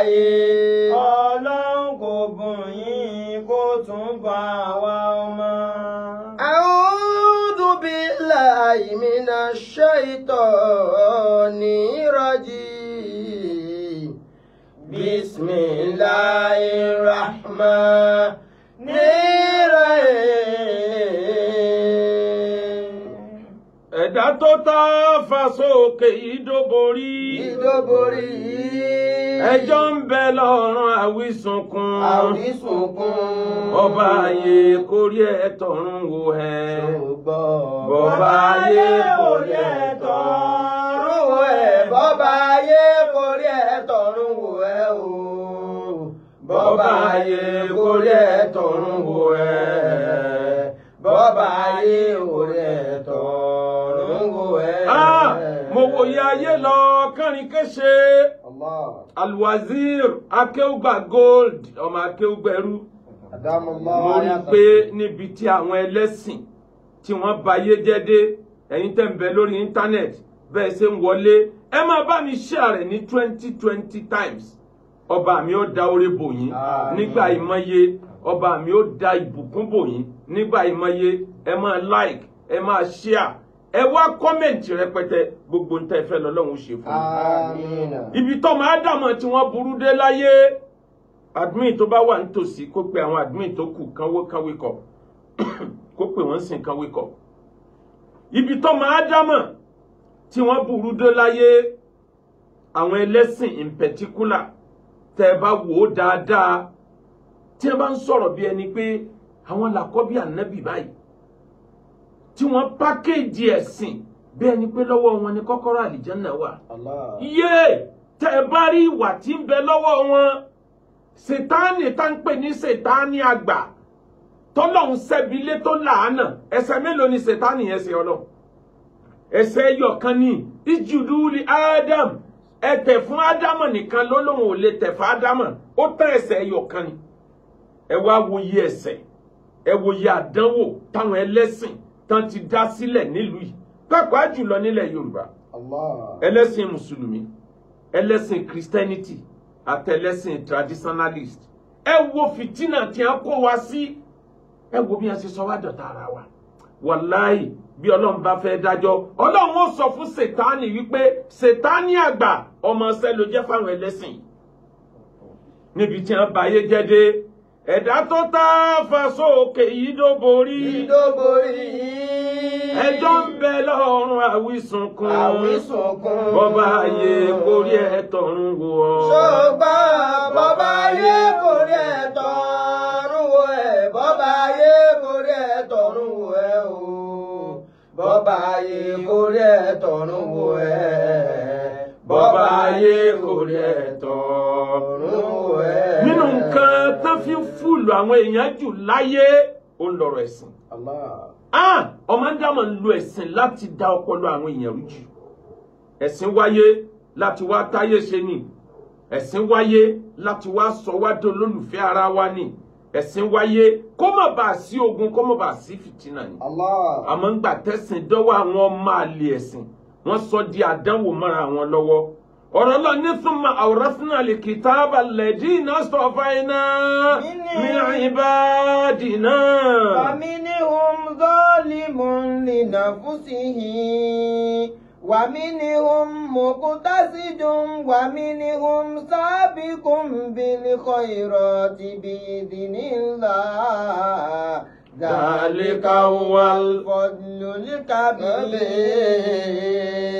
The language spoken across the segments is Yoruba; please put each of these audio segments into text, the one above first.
láyé ọlọ́run kò bùn yín kó tún bá àwa ọmọ. A'udhu billahi minash shaitani rajim. Bismillahir rahmanir rahim. Ẹ̀dá tó tá a fa sókè ìdóborí. Ìdóborí ẹjọ́ ń bẹ lọ́rùn àwísùnkún ọba ayé kórí ẹ tọ̀run ẹ bọ́ba ayé kórí ẹ tọ̀run ẹ bọ́ba ayé kórí ẹ tọ̀run ẹ o bọ́ba ayé kórí ẹ tọ̀run ẹ bọ́ba ayé kórí ẹ tọ̀run ah, ẹ. mo wòye ayé lọ kánrin kése. Allah alwazir akéwùgbà gold ọmọ akéwùgbẹrú mo rí pé níbi tí àwọn ẹlẹ́sìn tí wọ́n bayé jẹ́dé ẹ̀yin tẹ̀ ń bẹ lórí íńtánẹ́ẹ̀tì bẹ́ẹ̀ ṣe ń wọlé ẹ máa bá mi share rẹ̀ ní twenty twenty times ọba mi ó da oore bò yín nígbà ìmọye ọba mi ó da ìbùkún bò nígbà ìmọye ẹ máa like ẹ máa share ẹ wá kọ́mẹ̀ǹtì rẹpẹtẹ gbogbo ń tẹ́ fẹ́ lọ́lọ́run ṣe fún mi. ibi tó máa dàmọ́ tí wọ́n burú dé láyé admin tó bá wà nítòsí kó pe àwọn admin tó kù kánwó kánwé kọ kó pe wọ́n sìn kánwé kọ. ibi tó máa dàmọ́ tí wọ́n burú dé láyé àwọn ẹlẹ́sìn in particular tẹ́ ẹ bá wò ó dáadáa tí ẹ bá ń sọ̀rọ̀ bí ẹni pé àwọn làkọ́ bí ànábì báyìí tí wọ́n pákéjì ẹ̀sìn bẹ́ẹ̀ ni pé lọ́wọ́ wọn ni kọ́kọ́rọ́ àlìjánná wà. iye tẹ́ ẹ bá rí ìwà tí ń bẹ lọ́wọ́ wọn sètáànì tá ń pè ní sètáànì àgbà tọ́lọ́hún ṣẹ́bi lé tó làánà ẹ̀ṣẹ̀ mélòó ni sètáànì yẹn ṣe ọlọ́run ẹ̀ṣẹ̀ yọ̀kan ni ìjùdú li Adam ẹ̀tẹ̀ fún Ádámọ̀ nìkan ló lóun ò lè tẹ̀ fún Ádámọ̀ ó tán ẹ̀ṣẹ̀ yọ̀kan ni ẹ wá wo iye ẹ wo àdánwò táwọn ẹlẹ́sìn tán ti dá sílẹ̀ nílùú yìí pàápàá jùlọ nílẹ̀ yorùbá ẹlẹ́sìn mùsùlùmí ẹlẹ́sìn christianity àtẹlẹ́sìn traditionalist ẹ wo fìtínà tí a kó wa sí ẹ wo bí a ṣe sọ wá dọ̀tá ara wa wàláì bí ọlọ́run bá fẹ́ dájọ́ ọlọ́run ó sọ fún sètáni wípé sètáni àgbà ọmọ ọsẹ ló jẹ́ fáwọn ẹlẹ́sìn níbi tí a bá ayé jẹ́ dé ẹ̀dá tó tá fà sókè yìí dó borí. dó borí. ẹjọ́ ń bẹ lọ́rùn àwísùnkún. àwísùnkún. bọ́bá ayé borí ẹ̀ tọ̀run wò ọ́. ṣùgbọ́n bọ́bá ayé borí ẹ̀ tọ̀run wò ẹ̀ bọ́bá ayé borí ẹ̀ tọ̀run wò ẹ̀ o. bọ́bá ayé borí ẹ̀ tọ̀run wò ẹ̀ bọ́ba ayé kò ẹ̀tọ́ nínú nǹkan tó fi ń fúlù àwọn èèyàn jù láyé ó ń lọ́rọ̀ ẹ̀sìn. ọmọ dámọ̀ ń lo ẹ̀sìn láti dá ọpọlọ àwọn èèyàn jù ẹ̀sìn wáyé láti wá táyé ṣe ni ẹ̀sìn wáyé láti wá sọ wá di olólùfẹ́ ara wa ni ẹ̀sìn wáyé kó má bàa sí ogun kó má bàa sí fìtínà ni àmọ́ ń gbà tẹ̀sìn dọ́wọ́ àwọn ọmọ àlè ẹ̀sìn wọ́n sọ di àdánwò mọ́ra wọn lọ́wọ́ ọ̀rọ̀ lọ ní súnmọ́ awrasna al-kitaba alladhina istafayna min ibadina. faminhum zalimun linafsihi ومنهم مقتصد ومنهم سابق بالخيرات بإذن الله dàlíkà wal fadlu likabir.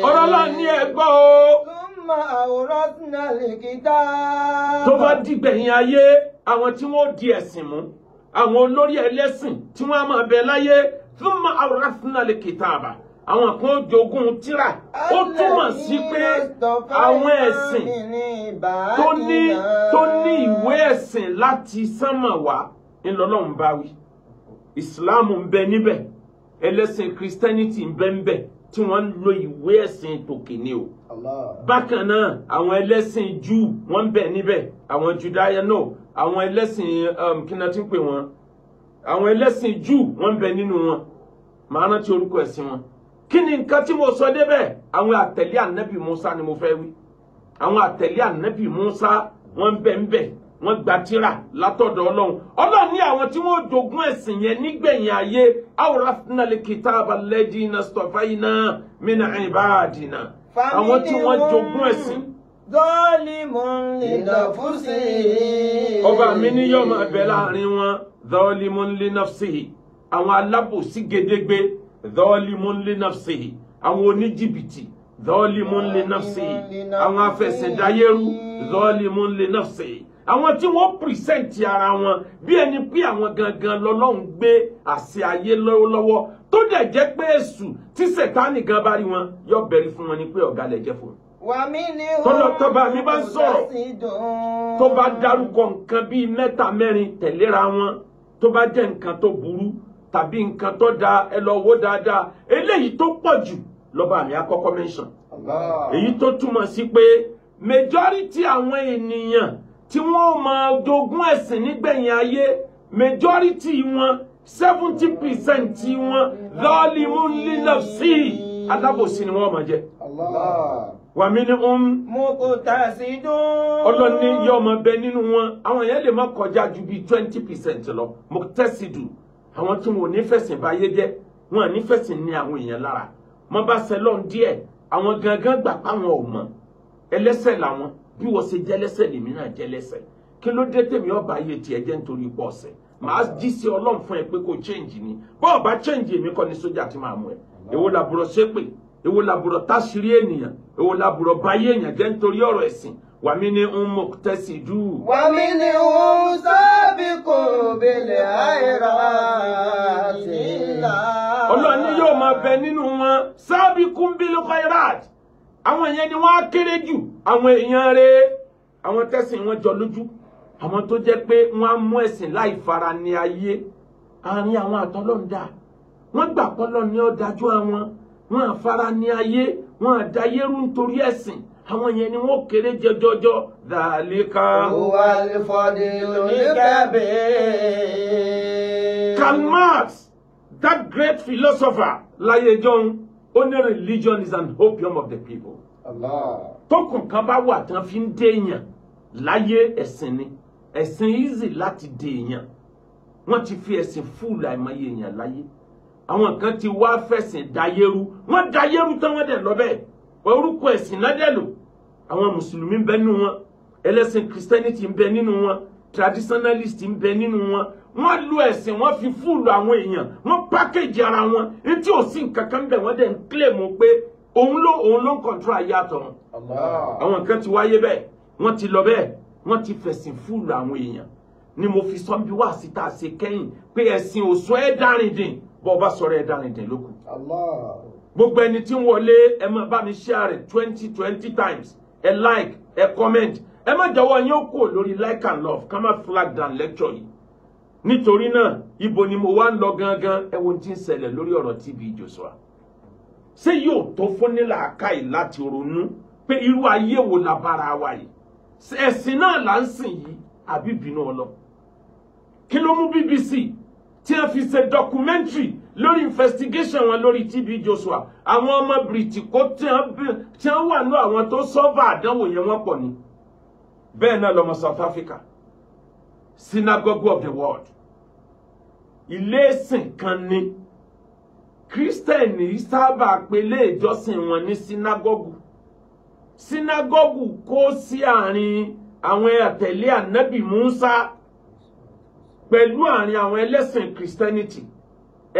ọ̀rọ̀ là ní ẹgbọ́ o. súnmọ́ àwòrán sínú lèkìtà. tó bá dìgbẹ̀yìn ayé àwọn tí wọ́n di ẹ̀sìn mú àwọn olórí ẹlẹ́sìn tí wọ́n á máa bẹ láyé súnmọ́ àwòrán sínú lèkìtà àbá àwọn kan jogún tíra ó túmọ̀ sí pé àwọn ẹ̀sìn tó ní ìwé ẹ̀sìn láti sánmọ̀ wá ńlọlọ́run bá islam ń bẹ níbẹ̀ ẹlẹ́sìn christianity ń bẹ tí wọ́n ń lo ìwé ẹ̀sìn tòkè ni o bákan náà àwọn ẹlẹ́sìn Júù wọ́n ń bẹ níbẹ̀ àwọn judaya náà àwọn ẹlẹ́sìn um, kíni ti ń pè wọ́n àwọn ẹlẹ́sìn Júù wọ́n ń bẹ nínú wọn màá rántí orúkọ ẹ̀sìn wọn kí ni nǹkan tí mo sọ débẹ̀ àwọn àtẹ̀lé ànábì Musa ni mo fẹ́ wí àwọn àtẹ̀lé ànábì Musa wọ́n bẹ ń bẹ wọ́n gba tírà látọ̀dọ̀ ọlọ́run ọlọ́run ní àwọn tí wọ́n jogún ẹ̀sìn yẹn nígbẹ̀yìn ayé awrafna likitaba alladina stafayna min ibadina àwọn tí wọ́n jogún ẹ̀sìn. zalimun linafsihi. ọba mi ní yóò máa láàrin wọn zalimun linafsihi àwọn alábòsí gédégbé zalimun linafsihi àwọn oníjìbìtì zalimun linafsihi àwọn afẹsẹ̀dáyẹrú zalimun linafsihi àwọn tí wọ́n pìrìsẹ́ǹtì ara wọn bí ẹni pé àwọn gangan lọ́lọ́run gbé àṣẹ ayé lọ́wọ́ tó dẹ̀ jẹ́ pé èṣù tí sẹ̀tánì gan bá rí wọn yọ bẹ̀rí fún wọn ni pé ọ̀gá lẹ jẹ́ fún wọn tọ́lọ́tọ́ba mi bá sọ̀rọ̀ tó bá dárúkọ nǹkan bíi mẹ́ta mẹ́rin tẹ̀léra wọn tó bá jẹ́ nǹkan tó burú tàbí nǹkan tó da ẹ lọ wò dáadáa eléyìí tó pọ̀ jù lọ́ba àmì àkọ́kọ́ mẹ́sàn-án èyí tó túmọ̀ sí pé majority àwọn ènìyàn tí wọ́n máa jogún ẹ̀sìn nígbẹ̀yìn ayé majority wọn seventy percent wọn lọ́ọ̀lìmú lílọ́ọ̀sì alábòsí ni wọ́n máa jẹ́. wà mí ní um. mo kò tà sí dùn. ọlọ́ni yọ ọmọ bẹ nínú wọn àwọn yẹn lè má kọjá ju bíi twenty percent lọ mo tẹ́sí dùn àwọn tí wọn ò ní fẹ̀sìn báyé jẹ́ wọn ò ní fẹ̀sìn ní àwọn èèyàn lára mo bá ṣe lọ́n díẹ̀ àwọn gangan gbà páwọn ò mọ̀ ẹlẹ́sẹ̀ làwọn bí wọ́n ṣe jẹ́lẹ́sẹ̀ lèmi náà jẹ́lẹ́sẹ̀ kí ló dé tèmi ọba ayé tiẹ̀ jẹ́ nítorí pọ̀ ọ̀sẹ̀ màá jí sí ọlọ́run fún ẹ pé kò change ni bọ́ọ̀ bá change èmi kọ́ ni sójà ti máa mú ẹ èwo làbúrò ṣépè èwo làbúrò táṣírí ènìyàn èwo làbúrò báyé èèyàn jẹ́ nítorí ọ̀rọ̀ ẹ̀sìn wà mí ní ń mọ̀ tẹ́sí jù. wà mí ní ń sábì kò bẹ̀lẹ̀ àìrà àti ìlà. ọlọ́run ni yóò máa bẹ nínú wọn sábì kún bílùkọ́ ìrà àti àwọn èèyàn ni wọ́n á kéré jù àwọn èèyàn rẹ̀ àwọn tẹ́sìn wọn jọ lójú àwọn tó jẹ́ pé wọ́n á mú ẹ̀sìn láì fara ní ayé àárín àwọn àtọ́lọ́ǹda wọ́n gbà pọ́lọ́ ní ọ̀dájú àwọn wọ́n àfara ní ayé wọ́n àdáyérú nítorí ẹ̀sìn àwọn yẹn ni wọ́n kéré jọjọjọ dàlíkà. wà lè fọdí oníkẹ́bẹ̀ẹ́. Karl Marx that great philosopher láyé jọun. Only religion is an opium of the people. tókùn kan bá wà tán fi ń déèyàn láyé ẹ̀sìn ni ẹ̀sìn easy láti déèyàn wọ́n ti fi ẹ̀sìn fúùlù àìmọye èèyàn láyé àwọn kan ti wá fẹ̀sìn dayérú wọ́n dayérú tán wọ́n dẹ̀ lọ bẹ́ẹ̀ orúkọ ẹ̀sìn náà dẹ̀ lò àwọn mùsùlùmí ń nínú wọn ẹlẹ́sìn kìrìsìtẹ́nìtì ń bẹ nínú wọn traditionalist ń bẹ nínú wọn wọ́n lo ẹ̀sìn wọ́n fi fúùlù àwọn èèyàn wọ́n pákéjì ara wọn etí ò sí nǹkan kan bẹ̀ wọ́n dẹ̀ ń kílẹ̀ mọ́ pé òun ló òun ló ń kọ̀ntró ayé àtọ̀run àwọn nǹkan ti wáyé bẹ́ẹ̀ wọ́n ti lọ bẹ́ẹ̀ wọ́n ti fẹ̀sìn fúùlù àwọn èèyàn ni mo fi sọ bí wá síta ṣe kẹ́yìn pé ẹ̀sìn ò sọ ẹ́ dárìndìn bọ́ ọba sọ̀rọ̀ ẹ̀ dárìndìn lókun gbogbo ẹni tí ń wọlé ẹ máa bá mi share twenty twenty times ẹ like ẹ comment ẹ má jọ̀wọ́ yín ó kò lórí like and love ká má flag down lecture yìí nítorí náà ibo ni mo wá ń lọ gangan ẹ wo ti ń ṣẹlẹ̀ lórí ọ̀rọ̀ TB Joshua ṣé yóò tó fún ní láti ronú pé irú ayé wo la bára wa yìí ẹ̀sìn náà là ń sìn yìí àbí bínú ọlọ kí ló mú BBC tí a fi ṣe documentary lórí investigation wọn lórí TB Joshua àwọn ọmọ bìrìtìkó tí wọn wà ní àwọn tó sọ́ọ̀bà àdánwò yẹn wọ́n pọ̀ ni bẹ́ẹ̀ náà lọ́mọ South Africa synagogue of the world ilé ìsìn kan ni kírísítẹ̀nì sábà pelé ìjọsìn wọn ní synagogue synagogue kó sí àárín àwọn àtẹ̀lé ànábì Musa pẹ̀lú àárín àwọn ẹlẹ́sìn christianity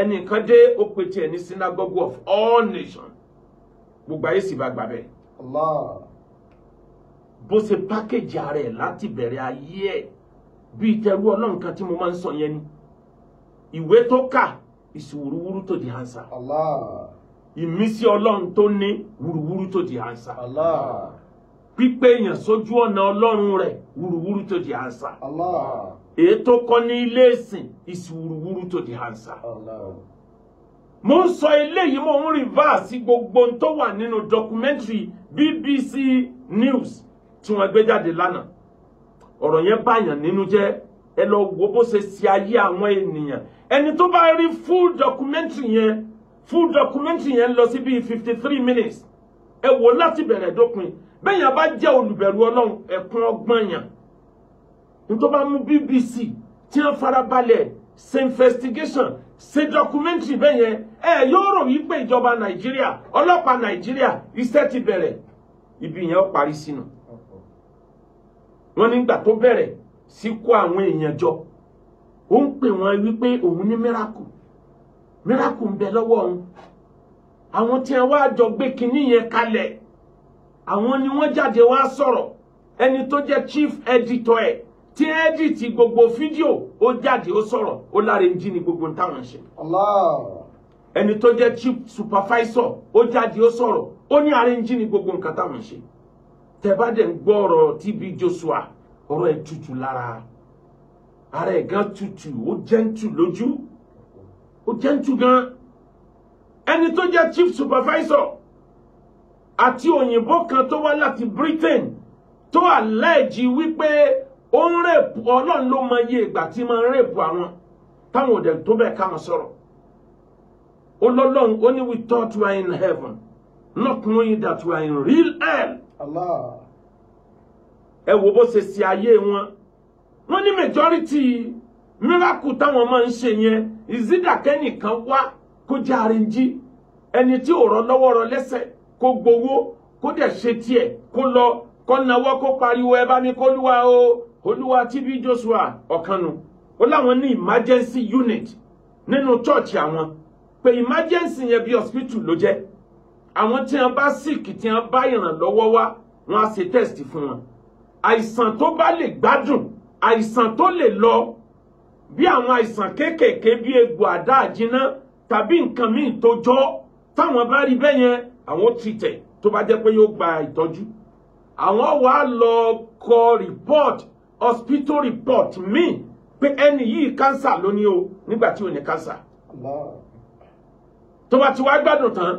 ẹnìkan dé ó pe ní synagogue of all nations gbogbo ayé sì bá gbà bẹ́ẹ̀. Allah bó ṣe pákéjì ara ẹ̀ láti bẹ̀rẹ̀ ayé ẹ̀ bíi tẹrú ọlọ́run kan tí mo máa ń sọ yẹn ni ìwé tó kà ìsìwúrúwúrú tó di ansa Allah ìmísí ọlọ́run tó ní wúrúwúrú tó di ansa Allah pípé èèyàn sójú ọ̀nà ọlọ́run rẹ̀ wúrúwúrú tó di ansa Allah èyí tó kọ́ ní ilé ìsìn ìsìwúrúwúrú tó di ansa Allah mo ń sọ eléyìí mo ń rìn váàsì gbogbo tó wà nínú dọkumẹ́ntìrì BBC News tí wọ́n gbé jáde lánàá ọ̀rọ̀ yẹn báyàn nínú jẹ́ ẹ lọ wo bó ṣe ṣe ayé àwọn ènìyàn ẹni tó bá rí full documentary yẹn full documentary yẹn lọ sí bíi fifty three minutes ẹ wò láti bẹ̀rẹ̀ dópin bẹ́ẹ̀ yẹn bá jẹ́ olùbẹ̀rù ọlọ́run ẹ̀kún ọgbọ́n yẹn nítorí bá mú BBC tí wọ́n farabalẹ̀ ṣe investigation ṣe documentary bẹ́ẹ̀ yẹn ẹ yóò rò wípé ìjọba nàìjíríà ọlọ́pàá nàìjíríà iṣẹ́ ti bẹ̀rẹ̀ ibi yẹn ó parí sínú wọ́n nígbà tó bẹ̀rẹ̀ sí kó àwọn èèyàn jọ ó ń pè wọ́n wípé òun ní miracle miracle ń bẹ lọ́wọ́ òun àwọn tí wọ́n wá jọ gbé kinní yẹn kalẹ̀ àwọn ni wọ́n jáde wá sọ̀rọ̀ ẹni tó jẹ́ chief editor ẹ̀ tí ẹ́dìtì gbogbo fídíò ó jáde ó sọ̀rọ̀ ó láre ń jí ni gbogbo táwọn ṣe. ẹni tó jẹ́ chief supervisor ó jáde ó sọ̀rọ̀ ó ní àárẹ̀ ń jí ni gbogbo nǹkan táwọn ṣe tẹ́ bá dẹ̀ ń gbọ́ ọ̀rọ̀ TB Joshua ọ̀rọ̀ ẹ̀ tutù ara ẹ̀ gan tutù ó jẹ́ntù lójú ó jẹ́ntù gan ẹni tó jẹ́ chief supervisor àti òyìnbó kan tó wá láti Britain tó àlẹ́ẹ̀jì wípé ó ń rèpù ọlọ́run ló mọ iye ìgbà tí máa ń rèpù àwọn táwọn òdẹ̀ tó bẹ́ẹ̀ ká wọn sọ̀rọ̀ ó lọ́lọ́run ó ní we thought we are in heaven not knowing that we are in real hell ẹ wo bó ṣe ṣe ayé wọn wọ́n ní majority miracle táwọn máa ń ṣe yẹn ìzídàkẹ́nìkan wá kó jẹ́ arìnjí ẹni tí ò rọ lọ́wọ́ rọ lẹ́sẹ̀ kó gbowó kó dẹ̀ ṣe tiẹ̀ kó lọ kó nawọ́ kó pariwo ẹ bá mi kó lúwa o olúwa TB Joshua ọ̀kanu ó láwọn ní emergency unit nínú church àwọn pé emergency yẹn bí hospital ló jẹ́ àwọn tí wọn bá síkì tí wọn bá ìrànlọ́wọ́ wá wọn á ṣe test fún wọn àìsàn tó bá lè gbádùn àìsàn tó lè lọ bí àwọn àìsàn kéékèèké bí egbò àdá àjínná tàbí nǹkan míì tó jọ táwọn bá rí bẹ́ẹ̀ yẹn àwọn ó ti tẹ̀ tó bá jẹ́ pé yóò gba ìtọ́jú àwọn wà lọ kọ report hospital report mi pé ẹni yìí cancer ló ní o nígbà tí ò ní cancer tó bá ti wá gbádùn tán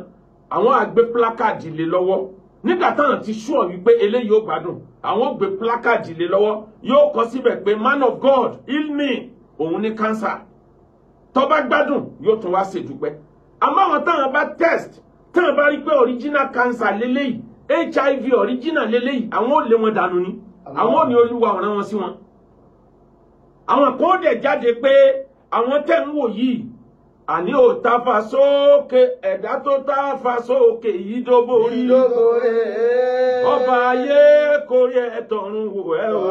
àwọn àgbé plákàdì lé lọ́wọ́ nígbà táwọn ti ṣúọ wípé eléyìí ó gbádùn àwọn gbé plákàdì lé lọ́wọ́ yóò kọ síbẹ̀ pé man of God heal me òun ní cancer tó bá gbádùn yóò tún wá ṣèdúpẹ́ àmọ́ àwọn táwọn bá test táwọn bá rí pé original cancer lélẹ́yìí HIV original lélẹ́yìí àwọn ò lé wọn dànù ni àwọn ò ní olúwa ọ̀ràn wọn sí wọn àwọn kan ó dẹ̀ jáde pé àwọn tẹ̀ ń wò yìí àní ò tafa sókè ẹ̀dá tó tafa sókè yìí dóbò rí ọba ayé kórí ẹ̀tọ́run wò ẹ́ o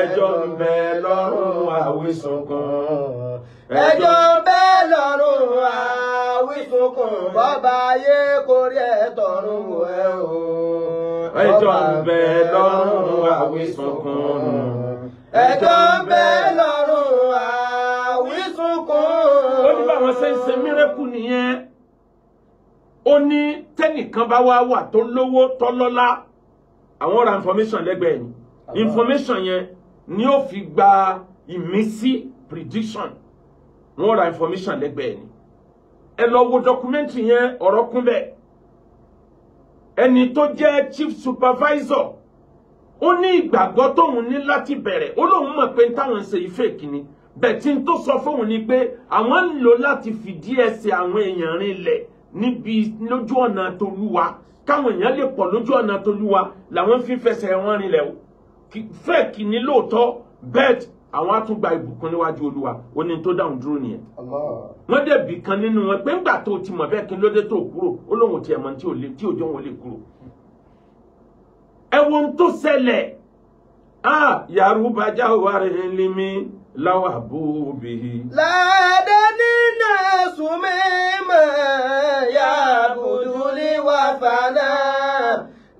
ẹjọ́ ń bẹ lọ́rùn àwísùn kan ẹjọ́ ń bẹ lọ́rùn àwísùn kan bọ́ba ayé kórí ẹ̀tọ́run wò ẹ́ o ẹjọ́ ń bẹ lọ́rùn àwísùn kan ẹjọ́ ń bẹ lọ́rùn. bọ́lọ́run ṣe ń ṣe mírẹ́kù nìyẹn ó ní tẹ́nìkan bá wá wà tó lówó tọ́lọ́lá àwọn ra information lẹ́gbẹ̀ẹ́ ni information yẹn ni ó fi gba ìmísí prediction wọ́n ra information lẹ́gbẹ̀ẹ́ ni ẹ lọ wo documentary yẹn ọ̀rọ̀ kún bẹ́ẹ̀ ẹni tó jẹ́ chief supervisor ó ní ìgbàgbọ́ tóun ní láti bẹ̀rẹ̀ ó lóun mọ̀ pé táwọn ń ṣe ìfẹ́ kìíní bẹ̀tí n tó sọ fóun ni pé àwọn ń lò láti fìdí ẹsẹ̀ àwọn èèyàn rinlẹ̀ níbi lójú ọ̀nà tolúwa káwọn èèyàn lè pọ̀ lójú ọ̀nà tolúwa làwọn fi fẹsẹ̀ wọn rinlẹ̀ o fẹ́ẹ̀ kì ní lóòótọ́ bẹ́ẹ̀ àwọn àtúgbà ìbùkún níwájú olúwa ó ní tó dáhùn dúró nìyẹn. wọ́n dẹ̀bi kan nínú wọn pé ńgbà tó ti mọ̀ bẹ́ẹ̀ kí lóde tó kúrò ó lóun ti ẹ̀mọ́ tí ò lè tí òjò wọn lè kúrò. ẹ wo ohun tó ṣẹlẹ̀ ah yàrá bàjá wà rẹ̀ lé mi Lawa bó bìí. ládàá nínú ẹ̀sùn ya bùdúlì wà fànà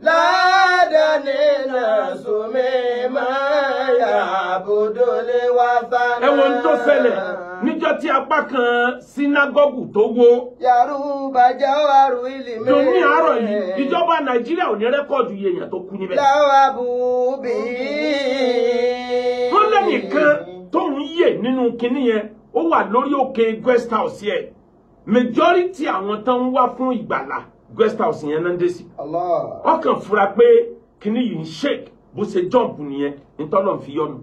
ládàá nínú ẹ̀sùn mímọ́ ya bùdúlì wà fànà. ẹ wo ohun tó ṣẹlẹ̀ níjọ́ tí apá kan sínágọ́gù tó wó. yàrá bàjẹ́ àrò ilé mi. lòní àárọ̀ yìí ìjọba nàìjíríà ò ní rẹ́kọ̀dù iye tó kú níbẹ̀. láwa bù bí. lẹ́nìkan tóun yè nínú kinní yẹn ó wà lórí òkè guest house yẹn majority àwọn tán ń wá fún ìgbàlà guest house yẹn náà ń dé sí. ọkàn fura pé kinní yìí ń shake bó ṣe jump nìyẹn nítọ́nà fi yọnu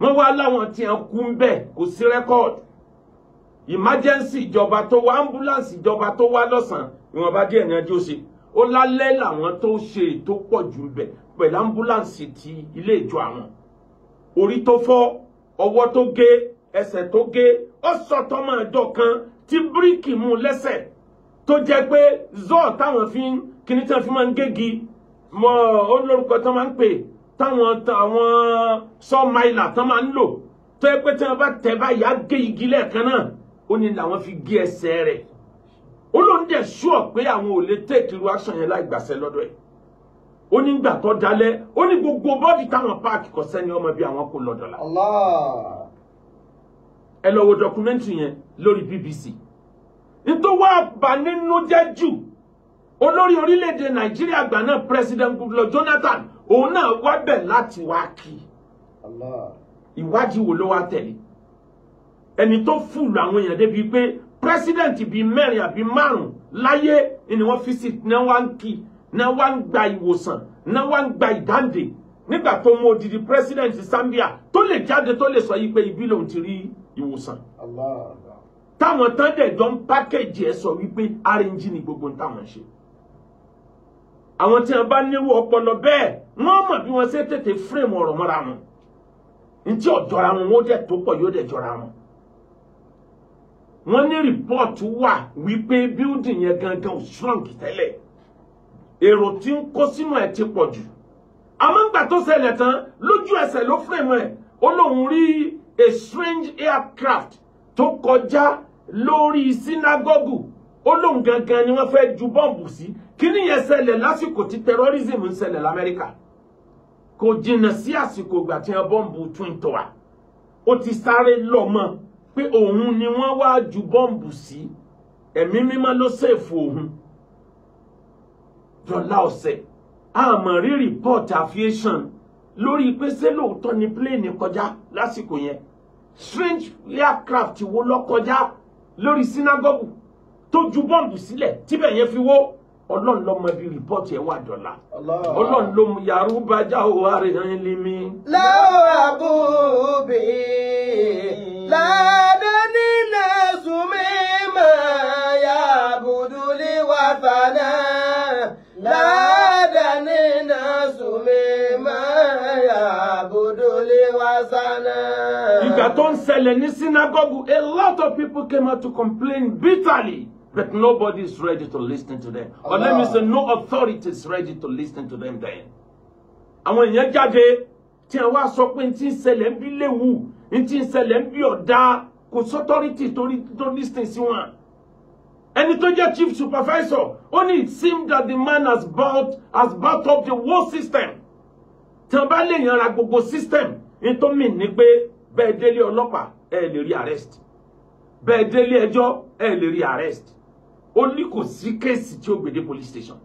wọ́n wá láwọn tí wọ́n kú ń bẹ̀ kò sí rẹ́kọ̀dù emergency ìjọba tó wá ambulance ìjọba tó wá lọ́sàn-án ìwọ̀nba díẹ̀ ní ẹjọ́ ṣe ó lálẹ́ làwọn tó ṣe tó pọ̀ jù ń bẹ̀ pẹ̀lú ambulance ti ilé ìjọ àwọn orí tó fọ́ ọwọ́ tó gé ẹsẹ̀ tó gé ó sọ tọmọ ẹjọ kan tí bíríkì mú lẹ́sẹ̀ tó jẹ́ pé zọọ táwọn fi ń kíní tí wọ́n fi máa ń gégi mọ ó lórúkọ tán máa ń pè táwọn àwọn sọmaìlà tán máa ń lò tó yẹ pé tí wọ́n bá tẹ̀ báyìí á gé igi lẹ́ẹ̀kan náà ó ní làwọn fi gé ẹsẹ̀ rẹ̀ ó lóun dẹ̀ sùọ pé àwọn ò lè tẹ ìkiri aṣọ yẹn láì gbàṣẹ lọ́dọ̀ ẹ̀ ó ní gbà tó dalẹ̀ ó ní gbogbo bọ́ọ̀dì táwọn páàkì kò sẹ́ni ọmọ bíi àwọn kò lọ́dọ̀ la. ẹ lọ wo dọkumẹ́ntì yẹn lórí BBC nítorí wàá bà nínú jẹ́ jù olórí orílẹ̀-èdè nàìjíríà àgbà náà president goodluck jonathan òun náà wá bẹ̀ láti wá kí ìwádìí wo ló wá tẹ̀lé ẹni tó fùlù àwọn èèyàn débi pé president bíi mẹ́rin àbí márùn-ún láyé ni wọ́n fi sí ní wọ́n ń kí i Na wá ń gba ìwòsàn náà wá ń gba ìdáǹdè nígbà tó mú odidi president Zambia tó lè jáde tó lè sọ yìí pé ibi lòun ti rí ìwòsàn. táwọn tán dẹ̀ jọ ń pákéjì ẹ̀ sọ wípé arẹ́njì ni gbogbo táwọn ṣe. àwọn tí wọn bá nírú ọpọlọ bẹ́ẹ̀ wọ́n mọ̀ bí wọ́n ṣe tètè fírèmù ọ̀rọ̀ mọ́ra wọn. ntí ọ̀jọ́ra wọn wọ́n dẹ̀ tó pọ̀ yóò dẹ̀ jọra wọn. wọ́n ní rìpọ́ọ̀tù wà wípé bíúdì yẹn gangan ò strong tẹ́lẹ̀ èrò tí ń kó sínú ẹ̀ ti pọ̀ jù àmọ́ ńgbà tó ṣẹlẹ̀ tán lójú ẹsẹ̀ ló frame ẹ̀ ó lóun rí a strange aircraft tó kọjá lórí sínágọ́gù ó lóun gangan ni wọ́n fẹ́ ju bọ́ǹbù sí kíní yẹn ṣẹlẹ̀ lásìkò tí terrorism ń ṣẹlẹ̀ lamẹ́ríkà kò jìnnà sí àsìkò ìgbà tí wọ́n bọ́ǹbù twin tower ó ti sáré lọ mọ́ pé òun ni wọ́n wá ju bọ́ǹbù sí ẹ̀mí mímọ́ ló ṣèfò òun dọ̀la ọ̀sẹ̀ àmọ́ rí report aviation lórí pé ṣé lóòótọ́ ni pléènì kọjá lásìkò yẹn strange aircraft wo lọ kọjá lórí sinagogu tó ju bọ́ǹbù sílẹ̀ tíbẹ̀ yẹn fi wó ọlọ́run ló mọ ibi rìpọ́ọ̀tì ẹ̀ wà dọ́là ọlọ́run ló mú yàrúbájá òwà rẹ̀ hàn lé mi. láwọ̀ àbúbí láwọ̀. ìjà don't sell ṣẹlẹ̀ ní synagogue a lot of people came out to complain bitterly but nobody is ready to listen to them but let me say no authority is ready to listen to them then. àwọn when jáde judge, wọ́n wá sọ pé n ti ń ṣẹlẹ̀ ń bí léwu n ti ń ṣẹlẹ̀ ń bí ọ̀dà kò sọ́tọ́rìtì listen sí wọn. ẹni tó jẹ́ chief supervisor Only it seemed that the man has bought has bought up the whole system. tí wọ́n bá lè yanra system It mi ní bẹ́ẹ̀ délé ọlọ́pàá ẹ lè rí arrest bẹ́ẹ̀ délé ẹjọ́ ẹ lè rí arrest ó ní kò sí kéèsì tí ó gbèdé police station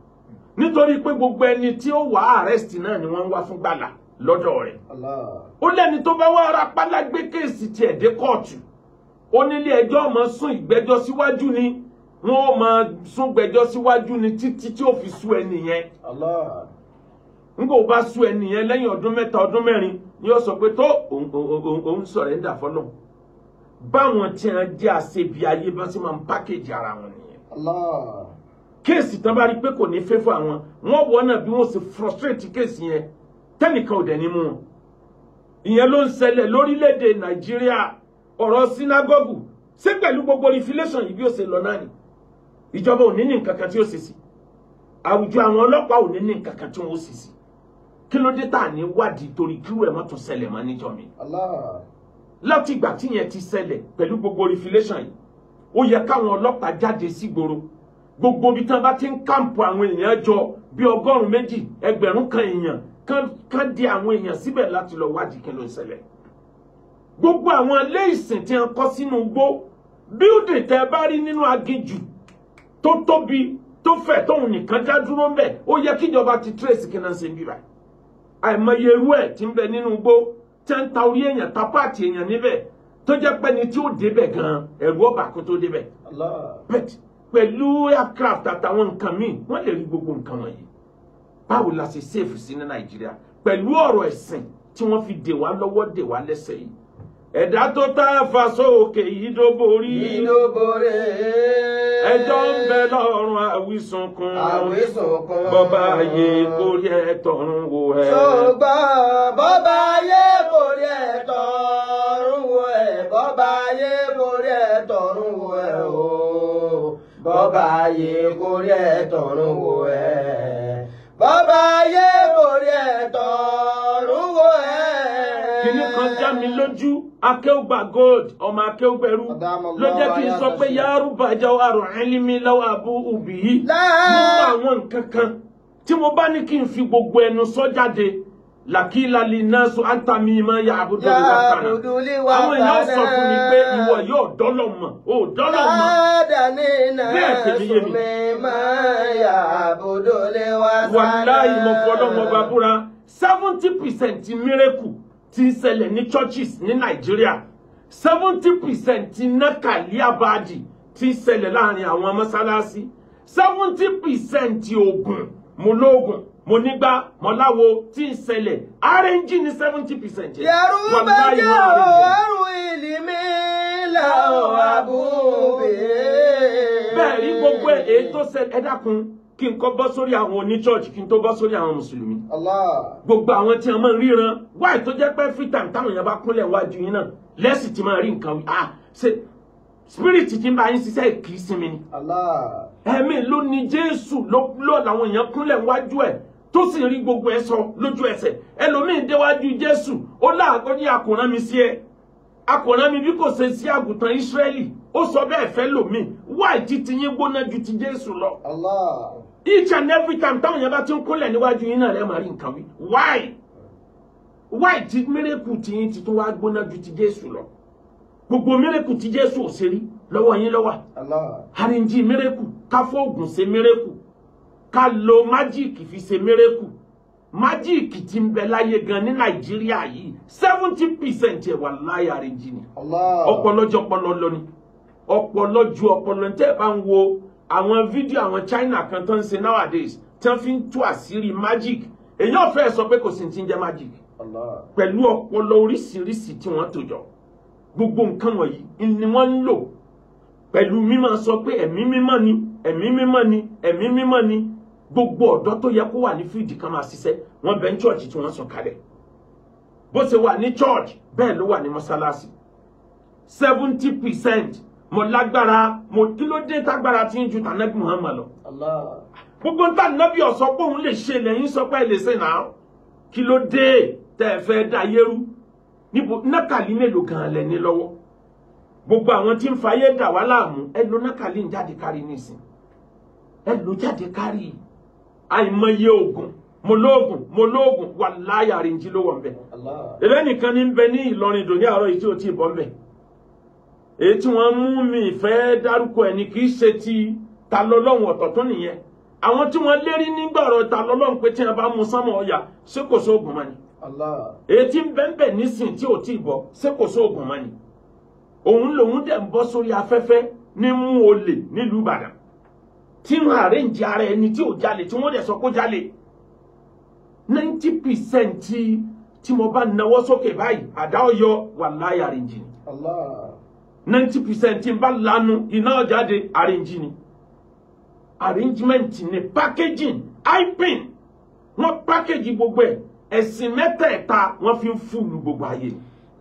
nítorí pé gbogbo ẹni tí ó wà arrest náà ni wọ́n ń wá fún gbàlà lọ́dọ̀ rẹ̀ ó lẹ́ni tó bá wá ara gbé kéèsì tiẹ̀ dé kóòtù ó nílé ẹjọ́ ọmọ sún ìgbẹ́jọ́ síwájú ni wọ́n ó máa sún síwájú ni títí tí ó fi sú ẹni yẹn kò bá ọdún ọdún ni ó sọ pé tó òun sọ̀rẹ́ndà fọ́lọ́run báwọn tí wọ́n jẹ́ àṣebi ayé bá sì máa ń pákéjì ara wọn nìyẹn. kéèsì tán bá rí pé kò ní fẹ́ fún àwọn wọ́n wọ́n náà bí wọ́n ṣe frustrate kéèsì yẹn tẹ́nìkan ò dẹ̀ ní mú wọn. ìyẹn ló ń ṣẹlẹ̀ lórílẹ̀‐èdè nàìjíríà ọ̀rọ̀ sínágọ́gù ṣé pẹ̀lú gbogbo inflation yìí bí ó ṣe lọ náà ni ìjọba ò ní ní nǹkan kan tí ó ṣe sí àwùjọ àwọn ọlọ́pàá ò ní ní nǹkan kan tí wọ́n ó ṣe sí kí ló dé tá à ní wádìí torí kí wẹ́ẹ̀ mọ́tò ṣẹlẹ̀ mọ́ níjọ́ mi. láti ìgbà tí yẹn ti ṣẹlẹ̀ pẹ̀lú gbogbo refilation yìí ó yẹ káwọn ọlọ́pàá jáde sígboro gbogbo ibi tí wọ́n bá ti ń kàǹpù àwọn èèyàn jọ bí ọgọ́rùn-ún méjì ẹgbẹ̀rún kan èèyàn kán di àwọn èèyàn síbẹ̀ láti lọ wádìí kí ló ń ṣẹlẹ̀ gbogbo àwọn ilé ìsìn tí wọ́n kọ́ sínú igbó bíúdì tẹ́ bá rí nínú aginjù tó tóbi tó fẹ̀ tóun nìkan dá dúró ń bẹ̀ ó yẹ kíjọba ti tírèsì kí náà ṣe ń bíbáyìí àìmọye irú ẹ̀ tí ń bẹ nínú igbó tẹ́ ń ta orí èèyàn ta páàtì èèyàn níbẹ̀ tó jẹ́ pé ni tí ó débẹ̀ gan ẹ̀rù ọba kó tó débẹ̀ bẹ́ẹ̀ pẹ̀lú aircraft àtàwọn nǹkan míì wọ́n lè rí gbogbo nǹkan wọ̀nyí báwo la ṣe sèfù sí ní nàìjíríà pẹ̀lú ọ̀rọ̀ ẹ̀sìn tí wọ́n fi dè wá lọ́wọ́ dè wá lẹ́sẹ̀ yìí ẹ̀dá tó tá a fà sókè yìí ló borí. yìí ló borí. ẹjọ́ ń bẹ lọ́rùn àwísùnkún. àwísùnkún. bọ́bá ayé kórí ẹ̀ tọ̀run wò ẹ́. ṣùgbọ́n bọ́bá ayé kórí ẹ̀ tọ̀run wò ẹ́ bọ́bá ayé kórí ẹ̀ tọ̀run wò ẹ́ o bọ́bá ayé kórí ẹ̀ tọ̀run wò ẹ́ bọ́bá ayé kórí ẹ̀ tọ̀run wò ẹ́ kìíní kan já mi lójú akéwùgbà gold ọmọ akéwùgbẹ̀rú ló jẹ́ kí n sọ pé yárùbá jáwọ́ àrùn ẹlímí lọ́wọ́ àbú òbí yìí nínú àwọn nǹkan kan tí mo bá ní kí n fi gbogbo ẹnu sọ jáde làkìlà lè ná so áńtà ya àbúdó lè wà tànà àwọn èèyàn sọ fún mi pé ìwọ yóò dọ́lọ̀ mọ̀ ó dọ́lọ̀ mọ̀ bẹ́ẹ̀ tèmi yé mi. wàláì mọ̀fọ́lọ́mọba búra seventy percent miracle tí ń ní churches ní nàìjíríà seventy percent nákàlí àbáàdì tí ń ṣẹlẹ̀ láàrin àwọn mọ́sálásí seventy percent oògùn mo lóògùn mo nígbà mo láwo tí ń rng ní seventy percent. yẹ̀rù bẹ́ẹ̀ yọ̀ ẹ̀rù ìlímí làwọn àbúrò bẹ́ẹ̀. bẹ́ẹ̀ rí gbogbo èyí tó ṣẹlẹ̀ kí n kọ́ bọ́ sórí àwọn oníchọ́ọ̀chì kí n tó bọ́ sórí àwọn mùsùlùmí. gbogbo àwọn tí wọn máa ń ríran wáì tó jẹ́ pé fítàn táwọn èèyàn bá kúnlẹ̀ wájú yín náà lẹ́sìn tí máa rí nǹkan wí. Ah, ṣe spirit ti ń bá yín ṣiṣẹ́ kì í sinmi ni. ẹ̀mí ló ní jésù ló làwọn èèyàn kúnlẹ̀ wájú ẹ̀ tó sì rí gbogbo ẹ̀ sọ lójú ẹsẹ̀ ẹlòmíín déwájú jésù ó láàgọ́ ní àkùnrán mi sí ẹ àkùnrán mi bí kò ṣe sí àgùntàn ìsírẹ́lì ó sọ bẹ́ẹ̀ fẹ́ lòmí wáì tí ti yín gbóná ju ti Jésù lọ. each and every time táwọn yẹn ti ń kólẹ̀ níwájú yín náà rẹ̀ máa rí nǹkan wí wáì wáì tí mírèkù ti yín ti tún wá gbóná lọ gbogbo mírèkù ti Jésù ò ṣe rí lọ́wọ́ yín lọ́wọ́ àríǹjì mírèkù ká fóògùn ṣe mírèkù ká fi ṣe mírèkù májíìkì ti ń bẹ láyé gan ní Nàìjíríà yìí seventy percent ẹ̀ wà ni lọ ni. ọpọlọ ju ọpọlọ tẹ́ bá ń wo àwọn fídíò àwọn China kan tó ń ṣe nowadays tí wọ́n fi ń tú àṣírí magic èyí ò fẹ́ sọ pé kò sí ti ń jẹ́ magic pẹ̀lú ọpọlọ oríṣiríṣi tí wọ́n tò jọ gbogbo nǹkan wọ̀nyí ni wọ́n ń lò pẹ̀lú mímọ́ sọ pé ẹ̀mí mímọ́ ni ẹ̀mí mímọ́ ni ẹ̀mí mímọ́ ni gbogbo ọ̀dọ́ tó yẹ kó wà ní fíìdì kan máa ṣiṣẹ́ wọ́n bẹ ní chọ́ọ̀chì tí wọ́n sọ kalẹ̀ bó ṣe wà ní chọ́ọ̀chì bẹ́ẹ̀ ló wà ní mọ́ṣáláṣí seventy percent mo lágbára mo kí ló dé tágbára tí ń ju tànàbí Muhammad lọ. gbogbo níta nàbí ọ̀sọ́ pé òun lè ṣe lẹ́yìn sọ pé lè ṣe náà kí ló dé tẹ́ ẹ fẹ́ dá yẹ́rú níbo nákàlí mélòó gan-an lẹ́ni lọ́wọ́ gbogbo àwọn tí ń fayé dà wá láàmú ẹ lo nákàlí ń jáde kárí nísìn ẹ lo jáde kárí àìmọye oògùn mo lóògùn mo lóògùn wà láyà rìnjí ló ń bẹ̀. ẹlẹ́nìkan ní ń bẹ ní Ìlọrin dòní àárọ̀ yìí tí ò tí ì bọ́ ń bẹ̀. èyí tí wọ́n mú mi ìfẹ́ dárúkọ ẹ̀ ni kì í ṣe ti ta lọ́lọ́run ọ̀tọ̀ tó nìyẹn àwọn tí wọ́n lérí nígbà ọ̀rọ̀ ta lọ́lọ́run pé tí wọ́n bá mú sánmọ̀ ọ̀yà ṣé kò sóògùn mọ́ni èyí tí nísìn tí ò tíì bọ́ ṣé kò sóògùn mọ́ni òun lòun dẹ̀ ń bọ́ sórí afẹ́fẹ́ ní mú olè nílùú Ìbàdàn tí ara ẹni ninety percent n bá lanu iná jáde arrange ni arrangement ni packaging hyping wọ́n package gbogbo ẹ̀ ẹ̀sìn mẹ́tẹ̀ẹ̀ta wọ́n fi ń fúlù gbogbo ayé.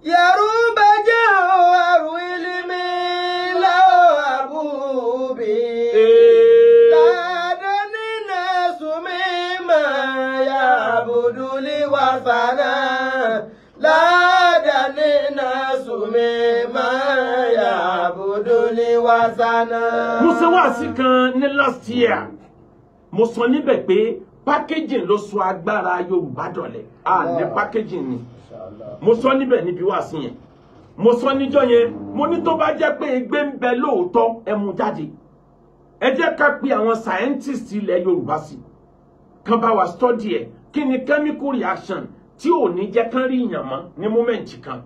yorùbá jẹ́ ọ̀rùn ilé mi lọ́wọ́ àbúbí. dáadáa nínú ẹ̀sùn mi máa yàgò dúlé wà fàdà. mo ṣe wáàsí kan ní last year mo sọ níbẹ̀ pé packaging ló sọ agbára Yorùbá dọ̀lẹ̀ à ní packaging ni mo sọ níbẹ̀ níbi wáàsí yẹn mo sọ níjọ́ yẹn mo ní tó bá jẹ́ pé egbé ń bẹ lóòótọ́ ẹ mú jáde ẹ jẹ́ ká pe àwọn scientist ilẹ̀ Yorùbá sí kan bá wa study ẹ̀ kí ni chemical reaction tí ò ní jẹ́ kán rí ìyàn mọ́ ní moment kan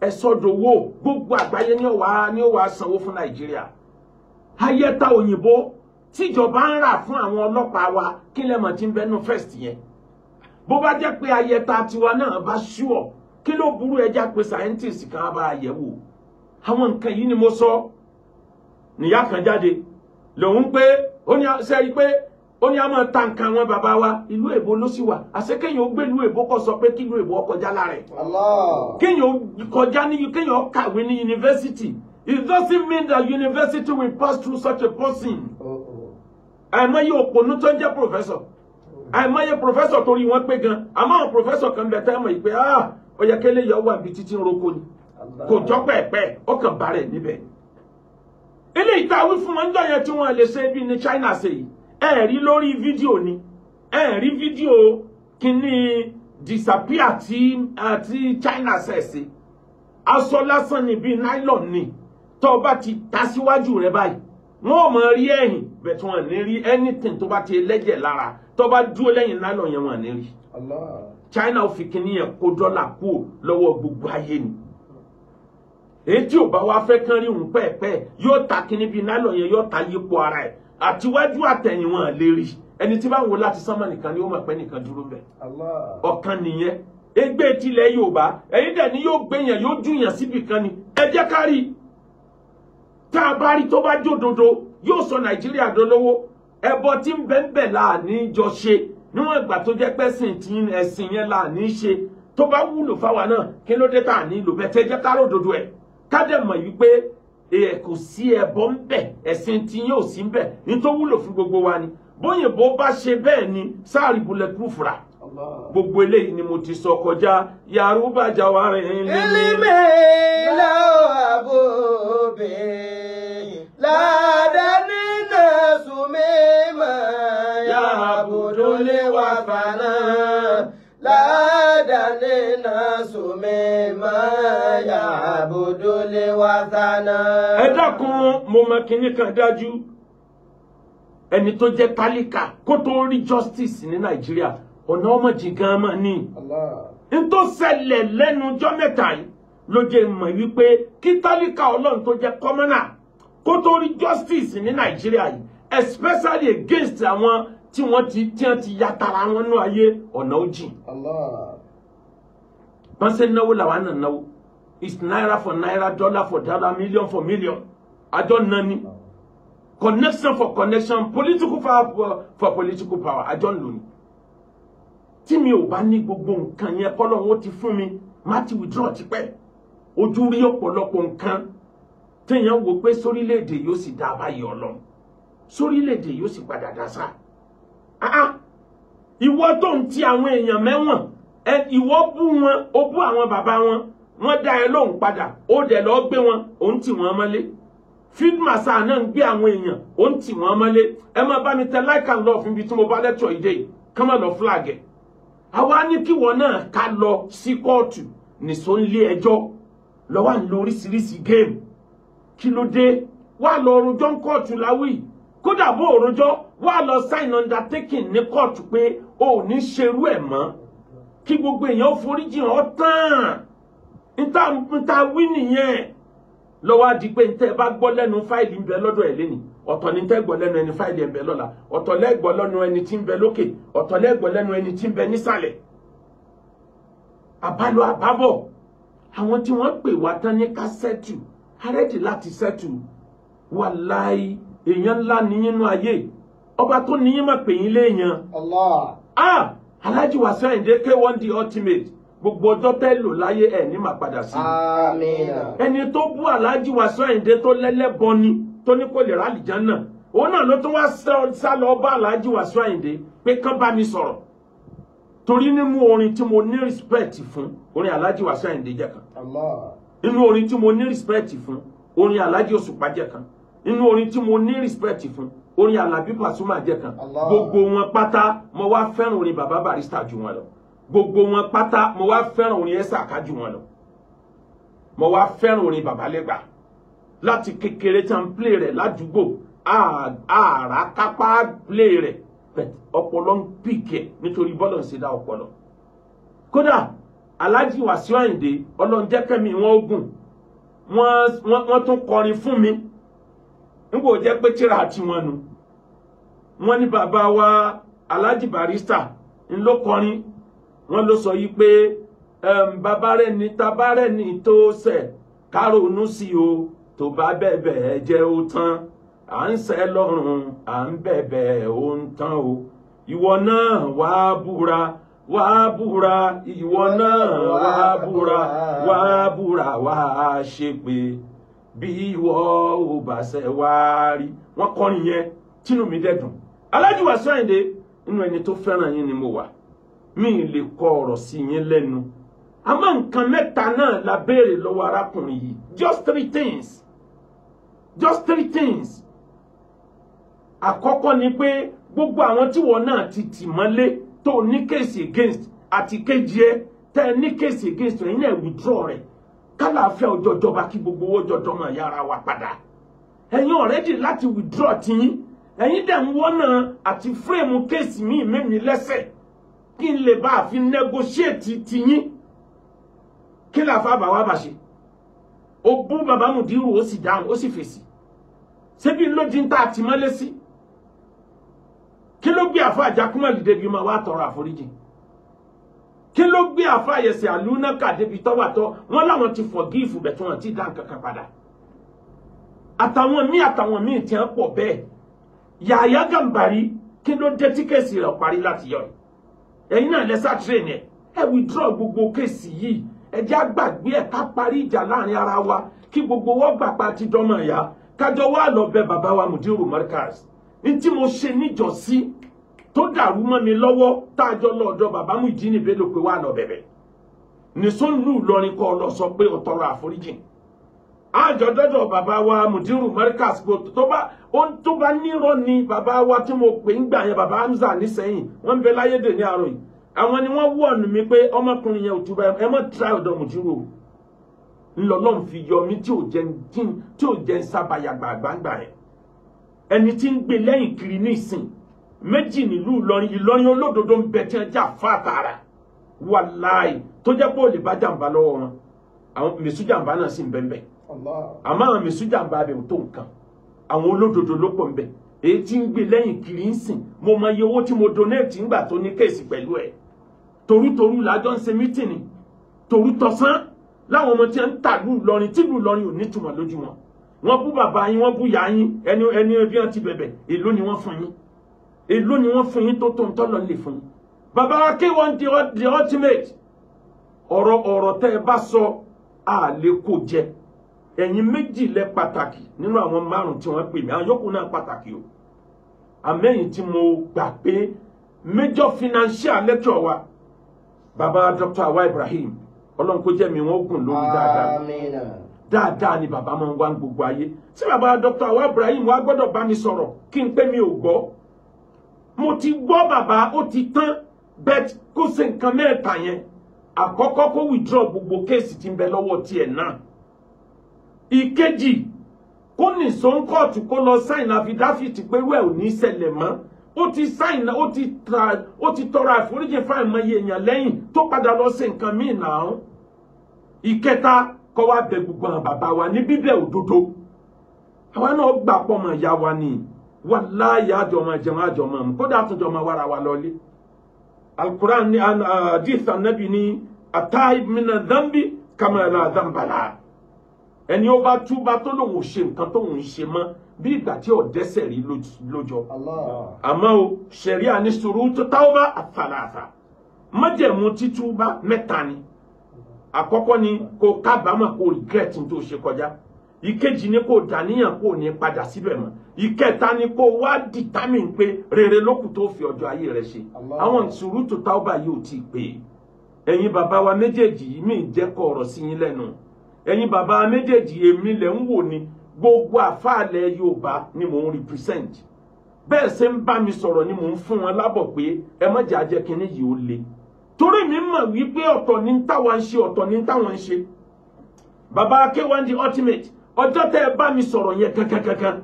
ẹ sọdowó gbogbo àgbáyé ni ó wà ni ó wà sanwó fún nàìjíríà ayẹta òyìnbó tíjọba ń rà fún àwọn ọlọ́pàá wa kí lẹ́mọ̀ tí ń bẹ́nu first yẹn bó bá jẹ́ pé ayẹta tiwa náà bá ṣúọ̀ kí ló burú ẹja pé scientist kan bá yẹ̀wò àwọn nǹkan yìí ni mo sọ nìyá kan jáde lòun pé ó ní sẹ́rí pé ó ní a máa ta nǹkan àwọn bàbá wa ìlú èbó ló sì wà àṣẹ ó gbé ìlú èbó kọ sọ pé kí èbó kọjá lára ẹ ó kọjá ní kéèyàn ó kàwé ní yunifásitì it doesn't mean that university will pass through such a person àìmọye òpònú tó ń jẹ́ professor àìmọye professor torí wọn pé gan àmọ́ àwọn professor kan bẹ táwọn ìpè ah ó yẹ kí eléyà wà níbi títí ń roko ni kò jọ pẹ́ẹ́pẹ́ ó kàn bá rẹ̀ níbẹ̀ eléyìí tá a wí fún wọn ń dọ̀yẹ tí wọn lè ṣe bí ní China ṣe yìí ẹ rí lórí fídíò ni ẹ rí fídíò kíní disappear tí àti China ṣẹ̀ṣẹ̀ aṣọ lásán ni bíi nylon ni tó bá ti ta síwájú rẹ báyìí wọn ò mọ rí ẹ̀yìn bẹ̀tù wọn ní rí anything tó bá ti lẹ́jẹ̀ lára tó bá dúró lẹ́yìn nylon yẹn wọn ní rí China ò fi kíní yẹn kó dọ́là kúrò lọ́wọ́ gbogbo ayé ni èyí tí ò bá wá fẹ́ kán rí òun pẹ́ẹ́pẹ́ẹ́ yóò ta kíní bíi nylon yẹn yóò ta yípo ara ẹ̀ àtiwájú àtẹ̀yìn wọn lè rí ẹni tí bá ń wo láti sánmà nìkan ni ó mọ̀ pé nìkan dúró bẹ̀ ọ̀kan nìyẹn egbe tilẹ̀ yorùbá ẹ̀yin dẹ̀ ni yóò gbẹ̀yàn yóò dùnyàn síbi kan ni ẹ jẹ́ ká rí tá a bá rí tó bá jódodo yóò sọ nàìjíríà dolówó ẹbọ tí ń bẹ́ńbẹ̀ láàní jọ ṣe níwọ̀n ìgbà tó jẹ́ pẹ́sìn tí ẹ̀sìn yẹn láàní ṣe tó bá wúlò fáwa náà kí ló dé tá à ní bẹ́ẹ̀ tẹ́ jẹ́ ká ròdodo ẹ̀ ká dẹ̀ mọ̀ wípé ẹ kò sí ẹbọ ńbẹ ẹ̀sìn tí yín ò sí ńbẹ ní tó wúlò fún gbogbo wa ni bóyìnbó bá ṣe bẹ́ẹ̀ ni sáàrì bulletproof rà gbogbo eléyìí ni mo ti sọ kọjá yaruba jawari ilimi. ilimi láwọ àbòbí ládàáni náà sùnmí mọ́ yàbùdó lé wà fànà ládàáni náà sùnmi máa yà àbòdó lé wá sáná. ẹ dákun mo mọ kinní kan dájú ẹni tó jẹ́ tálíkà kó tó rí justice ní nàìjíríà ọ̀nà ọmọ jìngàn máa ní. n tó ṣẹlẹ̀ lẹ́nu ọjọ́ mẹ́ta yìí ló jẹ́ mọ̀ wípé kí tálíkà ọlọ́run tó jẹ́ kọ́mọ́nà kó tó rí justice ní nàìjíríà yìí especially against àwọn tí wọ́n ti tí wọ́n ti ya tara wọn nú ayé ọ̀nà ó jìn. bọ́sẹ̀ náwó làwọn náà náwó is naira for naira dollar for dollar million for million àjọ náà ni connection for connection political power for, political power àjọ ń lò ní. tí mi ò bá ní gbogbo nǹkan yẹn kọ́ lọ́wọ́ ti fún mi má ti withdraw tipẹ́ ojú rí ọ̀pọ̀lọpọ̀ nǹkan téèyàn wò pé sórílẹ̀-èdè yóò sì dá a báyìí ọlọ́run sórílẹ̀-èdè yóò sì padà dá sáà. Ah, ah. ìwọ tó ń ti àwọn èèyàn mẹ́wọ̀n ìwọ bú wọn ó bú àwọn bàbá wọn wọ́n dá ẹ lóhùn padà ó dẹ̀ lọ́ọ́ gbé wọn òun tì wọ́n mọ́lé field marshal náà ń gbé àwọn èèyàn òun tì wọ́n mọ́lé ẹ máa bá mi tẹ like and love níbi tí mo bá lẹ́tọ̀ ìdè yìí kán má lọ flag ẹ̀ àwa ní kíwọ náà ká lọ sí kóòtù nìṣó ń lé ẹjọ́ lọ́wọ́ ń lo oríṣiríṣi géèmù kí ló dé wà lọ rojọ́ ń kóòtù láwì kódà bó òrojọ́ wá lọ sign undertaking ní kóòtù pe o ni ní e ẹ̀ mọ́ kí gbogbo èèyàn foríjì hàn ọ́ tán níta níta wí nìyẹn lọ́wọ́ á di pé níta ẹ bá gbọ́ lẹ́nu fáìlì ń bẹ lọ́dọ̀ ẹ̀ lẹ́nu ọ̀tọ̀ ní tẹ́ gbọ́ lẹ́nu ẹni fáìlì ẹ̀ ń bẹ lọ́la ọ̀tọ̀ lẹ́gbọ́ lẹ́nu ẹni tí ń bẹ lókè ọ̀tọ̀ lẹ́gbọ́ lẹ́nu ẹni tí ń bẹ nísàlẹ̀ àbálọ àbábọ̀ àwọn tí wọ́n pè wá tán ní ká sẹ́tù àrẹ́dì láti sẹ́tù wàláì èèyàn ńlá ọba tó ní yín pè yín léèyàn. ah alhaji Wasiu k one the ultimate gbogbo ọjọ́ tẹ́ lò láyé ẹ̀ ní mà padà sí. ẹni tó bú alhaji Wasiu Ayinde tó lẹ́lẹ́bọ ni tó ní kò lè ra àlìjánà òun náà ló tún wá sá lọ bá alhaji Wasiu Ayinde pé kán bá mi sọ̀rọ̀ torí nínú orin tí mo ní respect fún orin alhaji Wasiu Ayinde jẹ́ kan nínú orin tí mo ní respect fún orin alhaji Òṣùpá jẹ́ kan nínú orin tí mo ní respect fún orin Àlàbí Pasuma jẹ́ kan gbogbo wọn pátá mo wá fẹ́ràn orin bàbá Barrister jù wọn lọ gbogbo wọn pátá mo wá fẹ́ràn orin Esaka jù wọn lọ mo wá fẹ́ràn orin bàbá Lẹ́gbà láti kékeré tán plé rẹ̀ ládùúgbò ààrá kápá plé rẹ̀ ọpọlọ ń pìkẹ́ nítorí bọ́lọ̀ ń ṣe dá ọpọlọ kódà Alhaji Wasiu Ayinde ọlọ́njẹ́kẹ́mi wọn ogun wọ́n tún kọrin fún mi nígbò jẹ́ pé tíra àti wọn nu wọ́n ní bàbá wa Alhaji Barrister ńlọkọrin wọ́n ló sọ yìí pé bàbá rẹ̀ ní tabá rẹ̀ ní tó ṣẹ̀ kárònú sí o tó bá bẹ̀bẹ̀ jẹ́ ó tán à ń sẹ́ lọ́rùn à ń bẹ̀bẹ̀ ó ń tán o ìwọ náà wàá búra wàá búra ìwọ náà wàá búra wàá búra wàá ṣépè bí ìwọ ò bá ṣe wá rí wọ́n kọrin yẹn tínú mi dẹ́dùn Alhaji Wasiu Ayinde nínú ẹni tó fẹ́ràn yín ni mo wà mi lè kọ ọ̀rọ̀ sí yín lẹ́nu àmọ́ nǹkan mẹ́ta náà la béèrè lọ́wọ́ arákùnrin yìí just three things just three things àkọ́kọ́ ni pé gbogbo àwọn tí wọ́n náà ti tì mọ́lé tó ní case against àti kejì ẹ tẹ́ ní case against ẹ̀yin náà withdraw rẹ̀ kálàáfíà òjọjọba kí gbogbo owó jọjọ mọ̀ yára wa padà ẹ̀yin ọ̀rẹ́dì láti withdraw tiyín ẹ̀yin dẹ̀ ń wọ́nà àti fúrèmù kéèsì míì mẹ́mi lẹ́sẹ̀ kí n lè bá a fi negotiate tiyín kí làáfà bàwá bà ṣe ó bú bàbá mùdírù ó sì dáhùn ó sì fèsì ṣebí lódì ń ta àtìmọ́lé sí kí ló gbé àfọ àjàkúmọ̀lì débi máa wá tọrọ àforíjì kí ló gbé àfa àyẹ̀sẹ̀ àlùnáka débi tọ́wà tọ́ wọn láwọn ti forgive bẹ̀ tí wọn ti dá nǹkan kan padà àtàwọn míì àtàwọn míì tí wọn pọ̀ bẹ́ẹ̀ Yahaya Gambari kí ló dé tí kẹ́sì rẹ̀ parí láti yọ ẹ̀yin náà lẹ́sà train ẹ̀ ẹ̀ withdraw gbogbo kẹ́sì yìí ẹ jẹ́ àgbàgbé ẹ̀ ká parí ìjà láàrin ara wa kí gbogbo wọn gbà pa ti dọ́mọ̀ ẹ̀yà kájọ wà lọ bẹ bàbá wa Mudiru Markaz ní tí mo ṣe níjọ sí tó dàrú mọ́ mi lọ́wọ́ tá a jọ lọ ọ̀dọ̀ bàbá Muyideen Bello pé wà lọ bẹ̀bẹ̀ nìsọ́nù lọrin kọ́ lọ sọ pé ó tọrọ àforíjì àjọ̀dọ́dọ̀ bàbá wa mùdírù Markaz kò tó bá ohun tó bá nírọ̀ ni bàbá wa tí mo pè ń gbà yẹn bàbá Hamza nísẹ̀yìn wọ́n ń bẹ láyédè ní àárọ̀ yìí àwọn ni wọ́n wọ̀nù mi pé ọmọkùnrin yẹn ò túbọ̀ ẹ mọ̀ tíráì ọ̀dọ̀ mùdírù o fi yọ mí tí ò jẹ́ tí ò jẹ́ sábàyà gbàgbàgbà yẹn ẹni tí ń gbé lẹ́yìn kiri ní ìsìn méjì nílùú Ìlọrin Ìlọrin olódodo ń bẹ tí wọn jà fà tààrà wàláì tó jẹ́ pé olè bá jàǹbá lọ́wọ́ wọn àwọn mèsù jàǹbá náà sì ń bẹ ń bẹ àmọ́ àwọn mèsù jàǹbá bẹ ò tó nǹkan àwọn olódodo ló pọ̀ ń bẹ èyí tí ń gbé lẹ́yìn kiri ń sìn mo mọ iye owó tí mo donate ńgbà tó ní kéèsì pẹ̀lú ẹ̀ torútorú làjọ ń ṣe mítìnì torútọ̀sán láwọn ọmọ tí wọn ń tàlú Ìlọrin tìlú Ìlọrin ò nítumọ̀ lójú wọn wọn bú bàbá yín wọn bú ìyá yín ẹni ẹni ẹbí wọn ti bẹ̀bẹ̀ èló ni wọ́n fún yín èló ni wọ́n fún yín tó tó ń tọ́lọ̀ lè fún yín bàbá kí wọ́n di ultimate ọ̀rọ̀ ọ̀rọ̀ tẹ́ ẹ bá sọ a lè kó jẹ ẹ̀yin méjì lẹ pàtàkì nínú àwọn márùn tí wọ́n pè mí àwọn yòókù náà pàtàkì o àmẹ́yìn tí mo gbà pé major financial lecture wa bàbá Dr. Awa Ibrahim ọlọ́run kó jẹ́ mi wọ́n gùn lórí dáadáa dáadáa ni bàbá máa ń wá gbogbo ayé tí bàbá Dr. Awa Ibrahim wa gbọ́dọ̀ bá mi sọ̀rọ̀ kí n pé mi ò gbọ́ mo ti gbọ́ bàbá ó ti tán bet kó ṣe nǹkan mẹ́ta yẹn àkọ́kọ́ kó withdraw gbogbo kéèsì tí ń bẹ lọ́wọ́ tiẹ̀ náà ìkejì kó nìṣó ń kóòtù kó lọ sáìn affidavit pẹ̀lú ẹ̀ ò ní ṣẹlẹ̀ mọ́ ó ti sáìn ó ti tra ó ti tọrọ àforíjì fún àìmọye èèyàn lẹ́yìn tó padà lọ ṣe nǹkan míì náà ìkẹta kó wá bẹ gbogbo àwọn bàbá wa ní bíbẹ̀ òdodo àwa náà gbà pọ̀ ìyá wa nìyí wàláyé àjọmọ jẹun àjọmọ mu kódà àtúnjọmọ wàrà wà lọlé alukuran ni hadith anabi ni ataib mina zambi kamala dambala ẹni ó bá túbà tó lòun ò ṣe nǹkan tóun ń ṣe mọ́ bí ìgbà tí ò dẹ́ṣẹ̀ rí lójọ àmọ́ o ṣẹ̀ríà ní ṣurutu tawba àtàlàtà májẹ̀mú títúbà mẹ́ta ni àkọ́kọ́ ni kò kábàámọ̀ kò regret tó ṣe kọjá ìkejì ni kò dàníyàn kò ní padà síbẹ̀ mọ́ ìkẹta ni kò wá determine pé rere lókù tó fi ọjọ́ ayé rẹ̀ ṣe àwọn surutu tauba yìí ò tí ì pé ẹ̀yin bàbá wa méjèèjì yìí mí ìjẹ́kọ̀ ọ̀rọ̀ sí yín lẹ́nu ẹ̀yin bàbá wa méjèèjì èmi lẹ̀ ń wò ni gbogbo àfáàlẹ̀ Yorùbá ni mò ń represent bẹ́ẹ̀ ṣe ń bá mi sọ̀rọ̀ ni mò ń fún wọn lábọ̀ pé ẹ má jẹ́ ajẹ́kínní yìí ó le torí mi mọ̀ wípé ọ̀tọ̀ ni táwa ń ṣe ọ̀tọ̀ ni táwọn ń ṣe bàbá Akéwà di ultimate ọjọ́ tẹ́ ẹ bá mi sọ̀rọ̀ yẹn kankankankan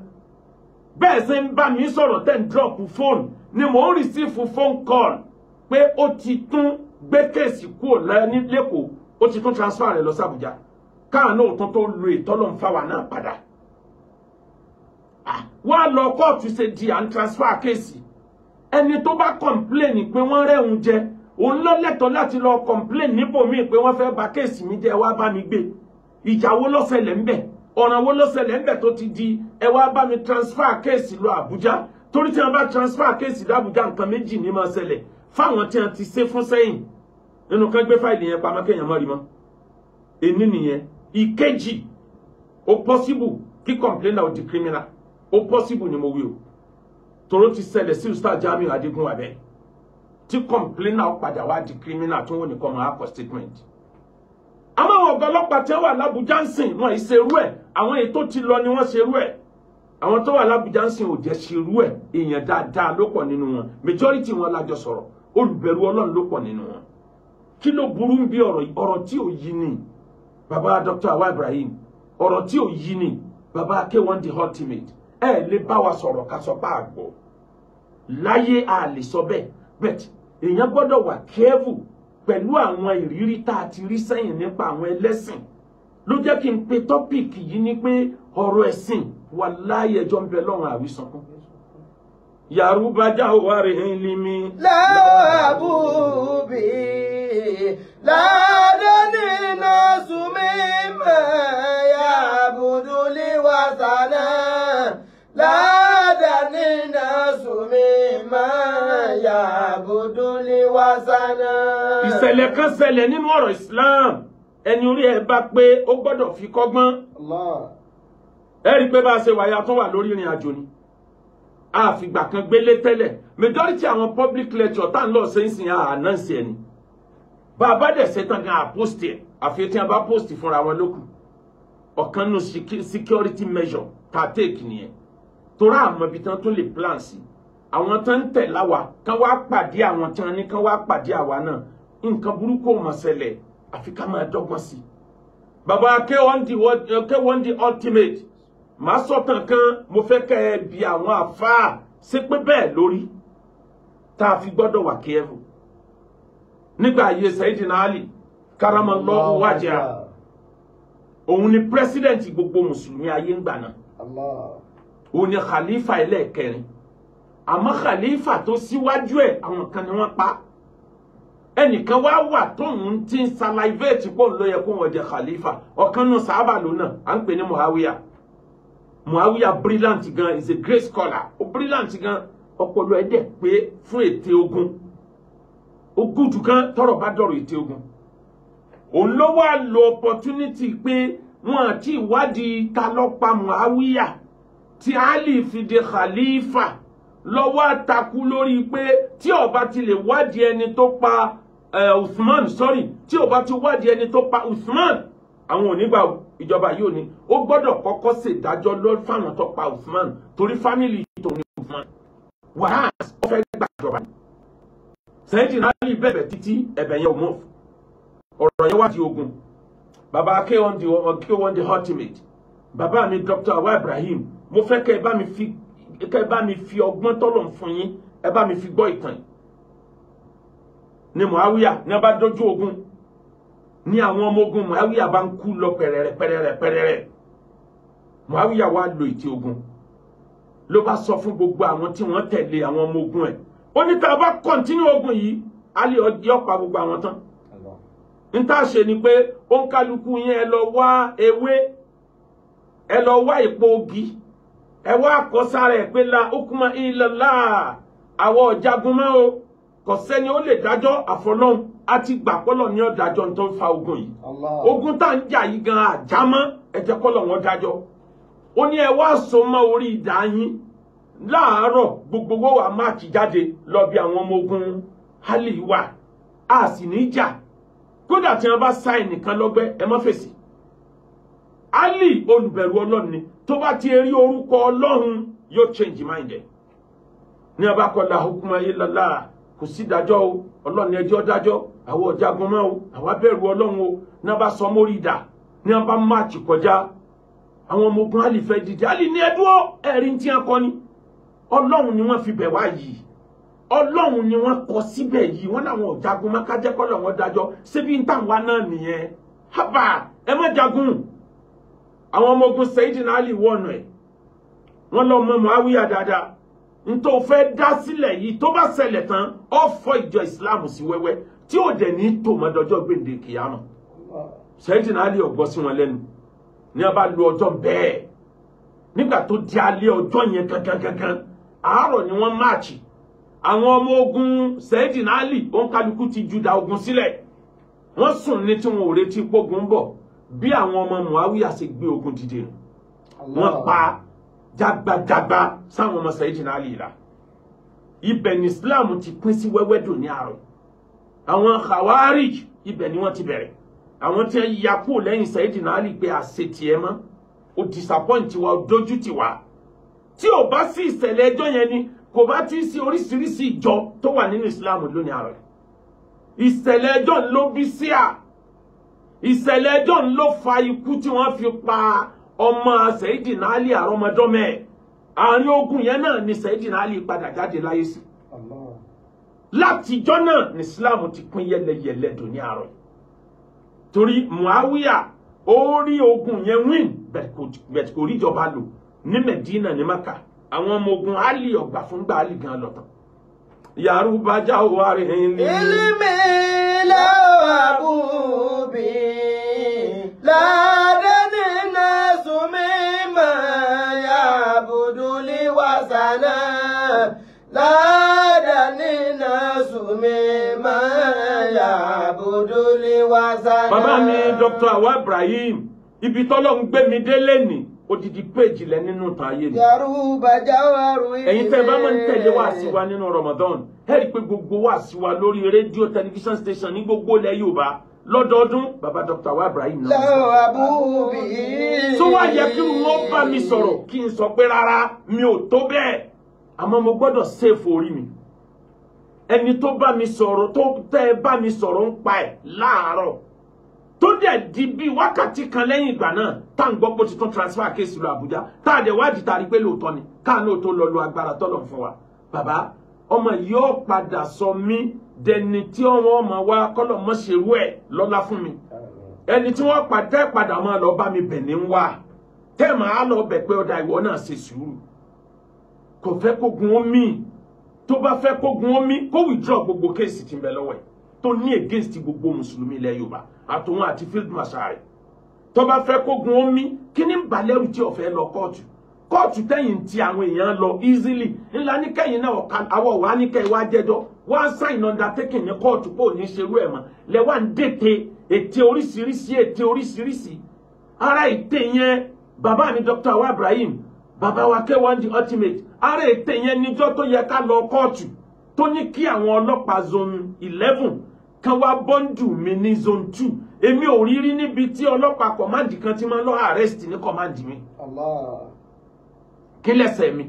bẹ́ẹ̀ ṣe ń bá mi sọ̀rọ̀ tẹ́ drop phone ni mò ń receive phone call pé ó ti tún gbé kéèsì kúrò lẹ́ni lẹ́kọ̀ọ́ ó ti tún transfer rẹ̀ lọ sàbújá káàánú òtún tó lo ìtọ́lọ̀ ń fáwa náà padà ah, wá lọ kóòtù ṣe di à ń transfer kéèsì ẹni tó bá complain pé wọ́n rẹ́hun jẹ òun ló lẹ́tọ̀ọ́ láti lọ complain níbòmíì pé wọ́n fẹ́ bà kéèsì mi jẹ́ wá bá mi gbé ìjà wo ló ọ̀ràn wo ló ṣẹlẹ̀ ńbẹ̀ tó ti di ẹ wá bá mi transfer kéèsì lọ Àbújá torí tí wọ́n bá transfer kéèsì lọ Àbújá nǹkan méjì ní máa ṣẹlẹ̀ fáwọn tí wọ́n ti ṣe fún sẹ́yìn nínú kan gbé fáìlì yẹn pamọ́ kéèyàn mọ́ rí mọ́ èní nìyẹn ìkejì ó possible kí complain náà ó criminal o possible ni mo wí o tòró ti ṣẹlẹ̀ sí ustaz Jamiu Adigun abẹ́ tí complain náà padà wá di criminal tó wọ́n nìkan máa kọ statement àmọ́ àwọn ọ̀gá ọlọ́pàá tí wọ́n wà lábújá ń sìn wọn ìṣerú ẹ̀ àwọn èyí tó ti lọ ni wọ́n ṣerú ẹ̀ àwọn tó wà lábújá ń sìn ò jẹ́ ṣerú ẹ̀ èèyàn dáadáa ló pọ̀ nínú wọn majority wọn lájọ sọ̀rọ̀ olùbẹ̀rù ọlọ́run ló pọ̀ nínú wọn kí ló burú bí ọ̀rọ̀ tí ò yí ni baba Dr. Awa Ibrahim ọ̀rọ̀ tí ò yí ni baba K1 the ultimate ẹ lè bá wa sọ̀rọ̀ ká sọ pa àgbọ̀ láyé a lè sọ bẹ́ẹ̀ bẹ́ẹ̀ èèyàn gbọ́dọ̀ wà careful pẹ̀lú àwọn ìrírí tá a ti rí sẹ́yìn nípa àwọn ẹlẹ́sìn ló jẹ́ kí n pe tọ́pìkì yìí ni pé ọ̀rọ̀ ẹ̀sìn wà láàyè ẹjọ́ ń bẹ lọ́rùn àwísọ̀kan. Yàrúbá já òwárí ẹ̀lì mi. Láàbù bí ládọ́ nínú súnmí mẹ́ yàbùdó lé wàtánà ìṣẹ̀lẹ̀ kan ṣẹlẹ̀ nínú ọ̀rọ̀ Islam ẹni orí ẹ bá pé ó gbọ́dọ̀ fi kọ́gbọ́n ẹ rí i pé bá a ṣe wáyà tó wà lórí ìrìn àjò ni àfìgbà kan gbélé tẹ́lẹ̀ majority àwọn public lecture tá à ń lọ ṣe ń sìn àánáǹsì ẹni bàbá dẹ̀ ṣetán gan àpòstì ẹ̀ àfihàn àbá post fúnra wọn lókù ọ̀kan nù security measure tá a take nìyẹn torí àmọ́bi tán tó lè plan sí àwọn tán ń tẹ̀ láwa kán wá pàdé àwọn tán ní kán wá pàdé àwa náà nǹkan burúkú ò mọ̀ ṣẹlẹ̀ àfi ká máa dọ́gbọ́n sí i bàbá kéwọ́n di ultimate màá sọ̀tàn kan mo fẹ́ kẹ́ ẹ bi àwọn àfáà ṣe pé bẹ́ẹ̀ lórí tá a fi gbọ́dọ̀ wà kẹ́ẹ̀fù nígbà ayé Sayyidina Ali karamallahu wajha òun ni president gbogbo mùsùlùmí ayé ń gbà náà. Allah òun ni khalifa ẹlẹ́ẹ̀kẹrin àmọ́ khalifa tó síwájú ẹ̀ àwọn kan ni wọ́n pa ẹnìkan wá wà tóun ti ń salivate pọ̀ ló yẹ kó wọ́n jẹ khalifa ọ̀kan náà sábà lónà à ń pè ní muhawiya muhawiya brilliant gan is a great scholar ó brilliant gan ọpọlọ ẹ̀ dẹ̀ pé fún ète ogun ó gùdù gan tọrọ bá dọ̀rọ̀ ète ogun òun ló wá lo opportunity pé wọn àti ìwádìí ta ló pa muhawiya tí Ali fi khalifa lọ́wọ́ àtakú lórí pé tí ó bá ti lè wádìí ẹni tó pa eh, Usman sorry tí ó bá ti wádìí ẹni tó pa Usman àwọn onígbà ìjọba yìí ò ní ó gbọ́dọ̀ kọ́kọ́ ṣèdájọ́ lórí fáwọn tó pa Usman torí fámìlì tòun ní Usman wàhálà ó fẹ́ gbàjọba ni sẹ́yìn Ali bẹ̀bẹ̀ títí ẹ̀bẹ̀ yẹn ò mọ̀ ọ̀rọ̀ yẹn wá di ogun baba akéwọ́n di ultimate Baba mi Dr. Awa Ibrahim mo fẹ́ kẹ́ ẹ bá mi fi kẹ́ ẹ bá mi fi ọgbọ́n tọ́lọ̀ fún yín ẹ bá mi fi gbọ́ ìtàn ni Muawiya ní a bá dojú ogun ní àwọn ọmọ ogun Muawiya bá ń kú lọ pẹrẹrẹ pẹrẹrẹ pẹrẹrẹ Muawiya wá lo ìtì ogun ló bá sọ fún gbogbo àwọn tí wọ́n tẹ̀lé àwọn ọmọ ogun ẹ̀ ó ní tá a bá kọ́ntínú ogun yìí a lè yọpa gbogbo àwọn tán n tá a ṣe ni pé ó ń kálukú yẹn lọ wá ewé ẹ lọ wá ìpò ogi ẹ wá àkọsára ẹ pé la okuma ilẹ̀lá àwọn ọ̀jagun mọ́ o kò sẹ́ni ó lè dájọ́ àfọlọ́hún a ti gbà kọ́lọ̀ ní ọ̀dájọ́ tó ń fa ogun yìí ogun tá à ń jà yìí gan àjámọ́ ẹ jẹ́ wọn dájọ́ ó ní ẹ wá so mọ́ orí ìdá yín láàárọ̀ gbogbo owó wa máàkì jáde lọ bí àwọn ọmọ ogun hali wà a sì ní jà kódà tí wọn bá sá ẹnìkan lọ́gbẹ́ ẹ má fèsì ali olùbẹ̀rù ọlọ́run ni tó bá ti rí orúkọ ọlọ́run yóò change mind ẹ̀ ní abakọ̀lá hukuma ilàlá kò sí ìdájọ́ o ọlọ́run ẹjọ́ dájọ́ àwọn ọ̀jagun mọ́ o àwọn abẹ́rù ọlọ́run o ní abá sọ mórí ali ní ẹ̀rí tí ni ọlọ́run ni fi ni kọ síbẹ̀ yìí làwọn kájẹ́kọ́ lọ́wọ́ dájọ́ ń tàn wá náà nìyẹn àwọn ọmọ ogun Sayyidina Ali wọnà ẹ̀ wọ́n lọ mọ Muawiya dáadáa n tó fẹ́ dá sílẹ̀ yìí tó bá o tán ó fọ́ ìjọ ìsìláàmù sí wẹ́wẹ́ tí ò dẹ̀ ní tòmọ́dọ́jọ́ gbèǹde kìyàmù Sayyidina Ali ọ̀gbọ́ sí wọn lẹ́nu ní a bá lu ọjọ́ bẹ́ẹ̀ nígbà tó di alẹ́ ọjọ́ yẹn gangan gangan àárọ̀ ni wọ́n máàcì àwọn ọmọ ogun Sayyidina Ali òǹkálukú ti juda ogun sílẹ̀ wọ́n sùn ní tí wọn ò retí pógun ń bọ̀ bí àwọn ọmọ muawiya ṣe gbé ogun dìde wọ́n pa jagbajagba sáwọn ọmọ sayidina ali la ibẹ̀ ni islam ti pín sí wẹ́wẹ́ dùn ní àárọ̀ àwọn khawarij ibẹ̀ ni wọ́n ti bẹ̀rẹ̀ àwọn tí wọ́n ya kúrò lẹ́yìn sayidina ali pé àṣetì ẹ mọ́ o disappoint wa o dojú ti wa tí o bá sí ìṣẹ̀lẹ̀ ẹjọ́ yẹn ni kò bá ti sí oríṣiríṣi ìjọ tó wà nínú islam lónìí àárọ̀ ìṣẹ̀lẹ̀ ẹjọ́ ló bí sí à ìṣẹ̀lẹ̀ John ló fa ikú tí wọ́n fi pa ọmọ Saidina Ali àrọ́mọdọ́mẹ́ àárín ogun yẹn náà ni Saidina Ali padà jáde láyé sí látijọ́ náà ní Islam ti pín yẹlẹyẹlẹ dò àárọ̀ torí Muawiya ó ogun yẹn win bẹ́ẹ̀ lò ní Medina ní Maka àwọn ọmọ ogun Ali ọgbà fúngbà Ali gan lọ́tàn Yaruba Jawari Hindi. Ilimi lawabubi ladani nasumima Bàbá mi Dr. Awa Ibrahim ibi tọ́lọ́ ń gbé mi délé nìí odidi péjì lẹ nínú ta ayé ni. yàrú bàjá wà rú ilé. ẹ̀yin tẹ́ bá máa ń tẹ̀lé wáàsí wa nínú Ramadan ẹ rí i pé gbogbo wáàsí wa lórí rédíò tẹlifíṣàn station ní gbogbo ilẹ̀ Yorùbá lọ́dọọdún baba Dr. wa Ibrahim náà. lọ́wọ́ abúbí. tó wá yẹ kí wọ́n bá mi sọ̀rọ̀ kí n sọ pé rárá mi ò tó bẹ́ẹ̀ àmọ́ mo gbọ́dọ̀ ṣèfò orí mi ẹni tó bá mi sọ̀rọ̀ tó tẹ́ bá mi sọ̀rọ̀ ń pa ẹ̀ láàárọ̀ tó dẹ̀ di bíi wákàtí kan lẹ́yìn ìgbà náà tá à ń gbọ́ pé ó ti tún transfer kéésì lọ Àbújá tá a dẹ̀ wádìí tari pé lóòótọ́ ni káàánú tó lọ lo agbára tọ́lọ̀ fún wa bàbá ọmọ yóò padà sọ mí dẹni tí wọ́n mọ̀ wá kọ́lọ̀ mọ́ ṣerú ẹ̀ lọ́lá fún mi ẹni tí wọ́n padà padà máa lọ bá mi bẹ̀ ní wá tẹ́ màá lọ bẹ̀ pé ọ̀dà ìwọ náà ṣe sùúrù kò fẹ́ kógun omi tó bá fẹ́ kógun omi kó withdraw gbogbo kéèsì tí ń lọ́wọ́ ẹ̀ tó ní against gbogbo mùsùlùmí ilẹ̀ yorùbá àtòun àti field marshal rẹ̀ tó bá fẹ́ kógun omi kí ní balẹ̀rù tí ọ̀fẹ́ lọ kóòtù kóòtù tẹ̀yìn ti àwọn èèyàn lọ easily ńlá ní kẹ́yìn náà àwọ̀ wá ní kẹ́yìn wá jẹ́jọ́ wá sign undertaking ní kóòtù pò ní ṣerú ẹ̀ mọ́ lẹ́wà ń dètè ète oríṣiríṣi ète oríṣiríṣi ara ète yẹn bàbá mi Dr. Awa Ibrahim bàbá wa K1 the ultimate ara ète yẹn níjọ́ tó yẹ ká lọ kóòtù tó ní kí àwọn ọlọ́pàá zone eleven kan wá bọ́ńdù mi ní zone two èmi ò rí rí níbi tí ọlọ́pàá kọ̀máǹdì kan ti máa ń arrest ní kọ̀máǹdì mi kí lẹ́sẹ̀ mi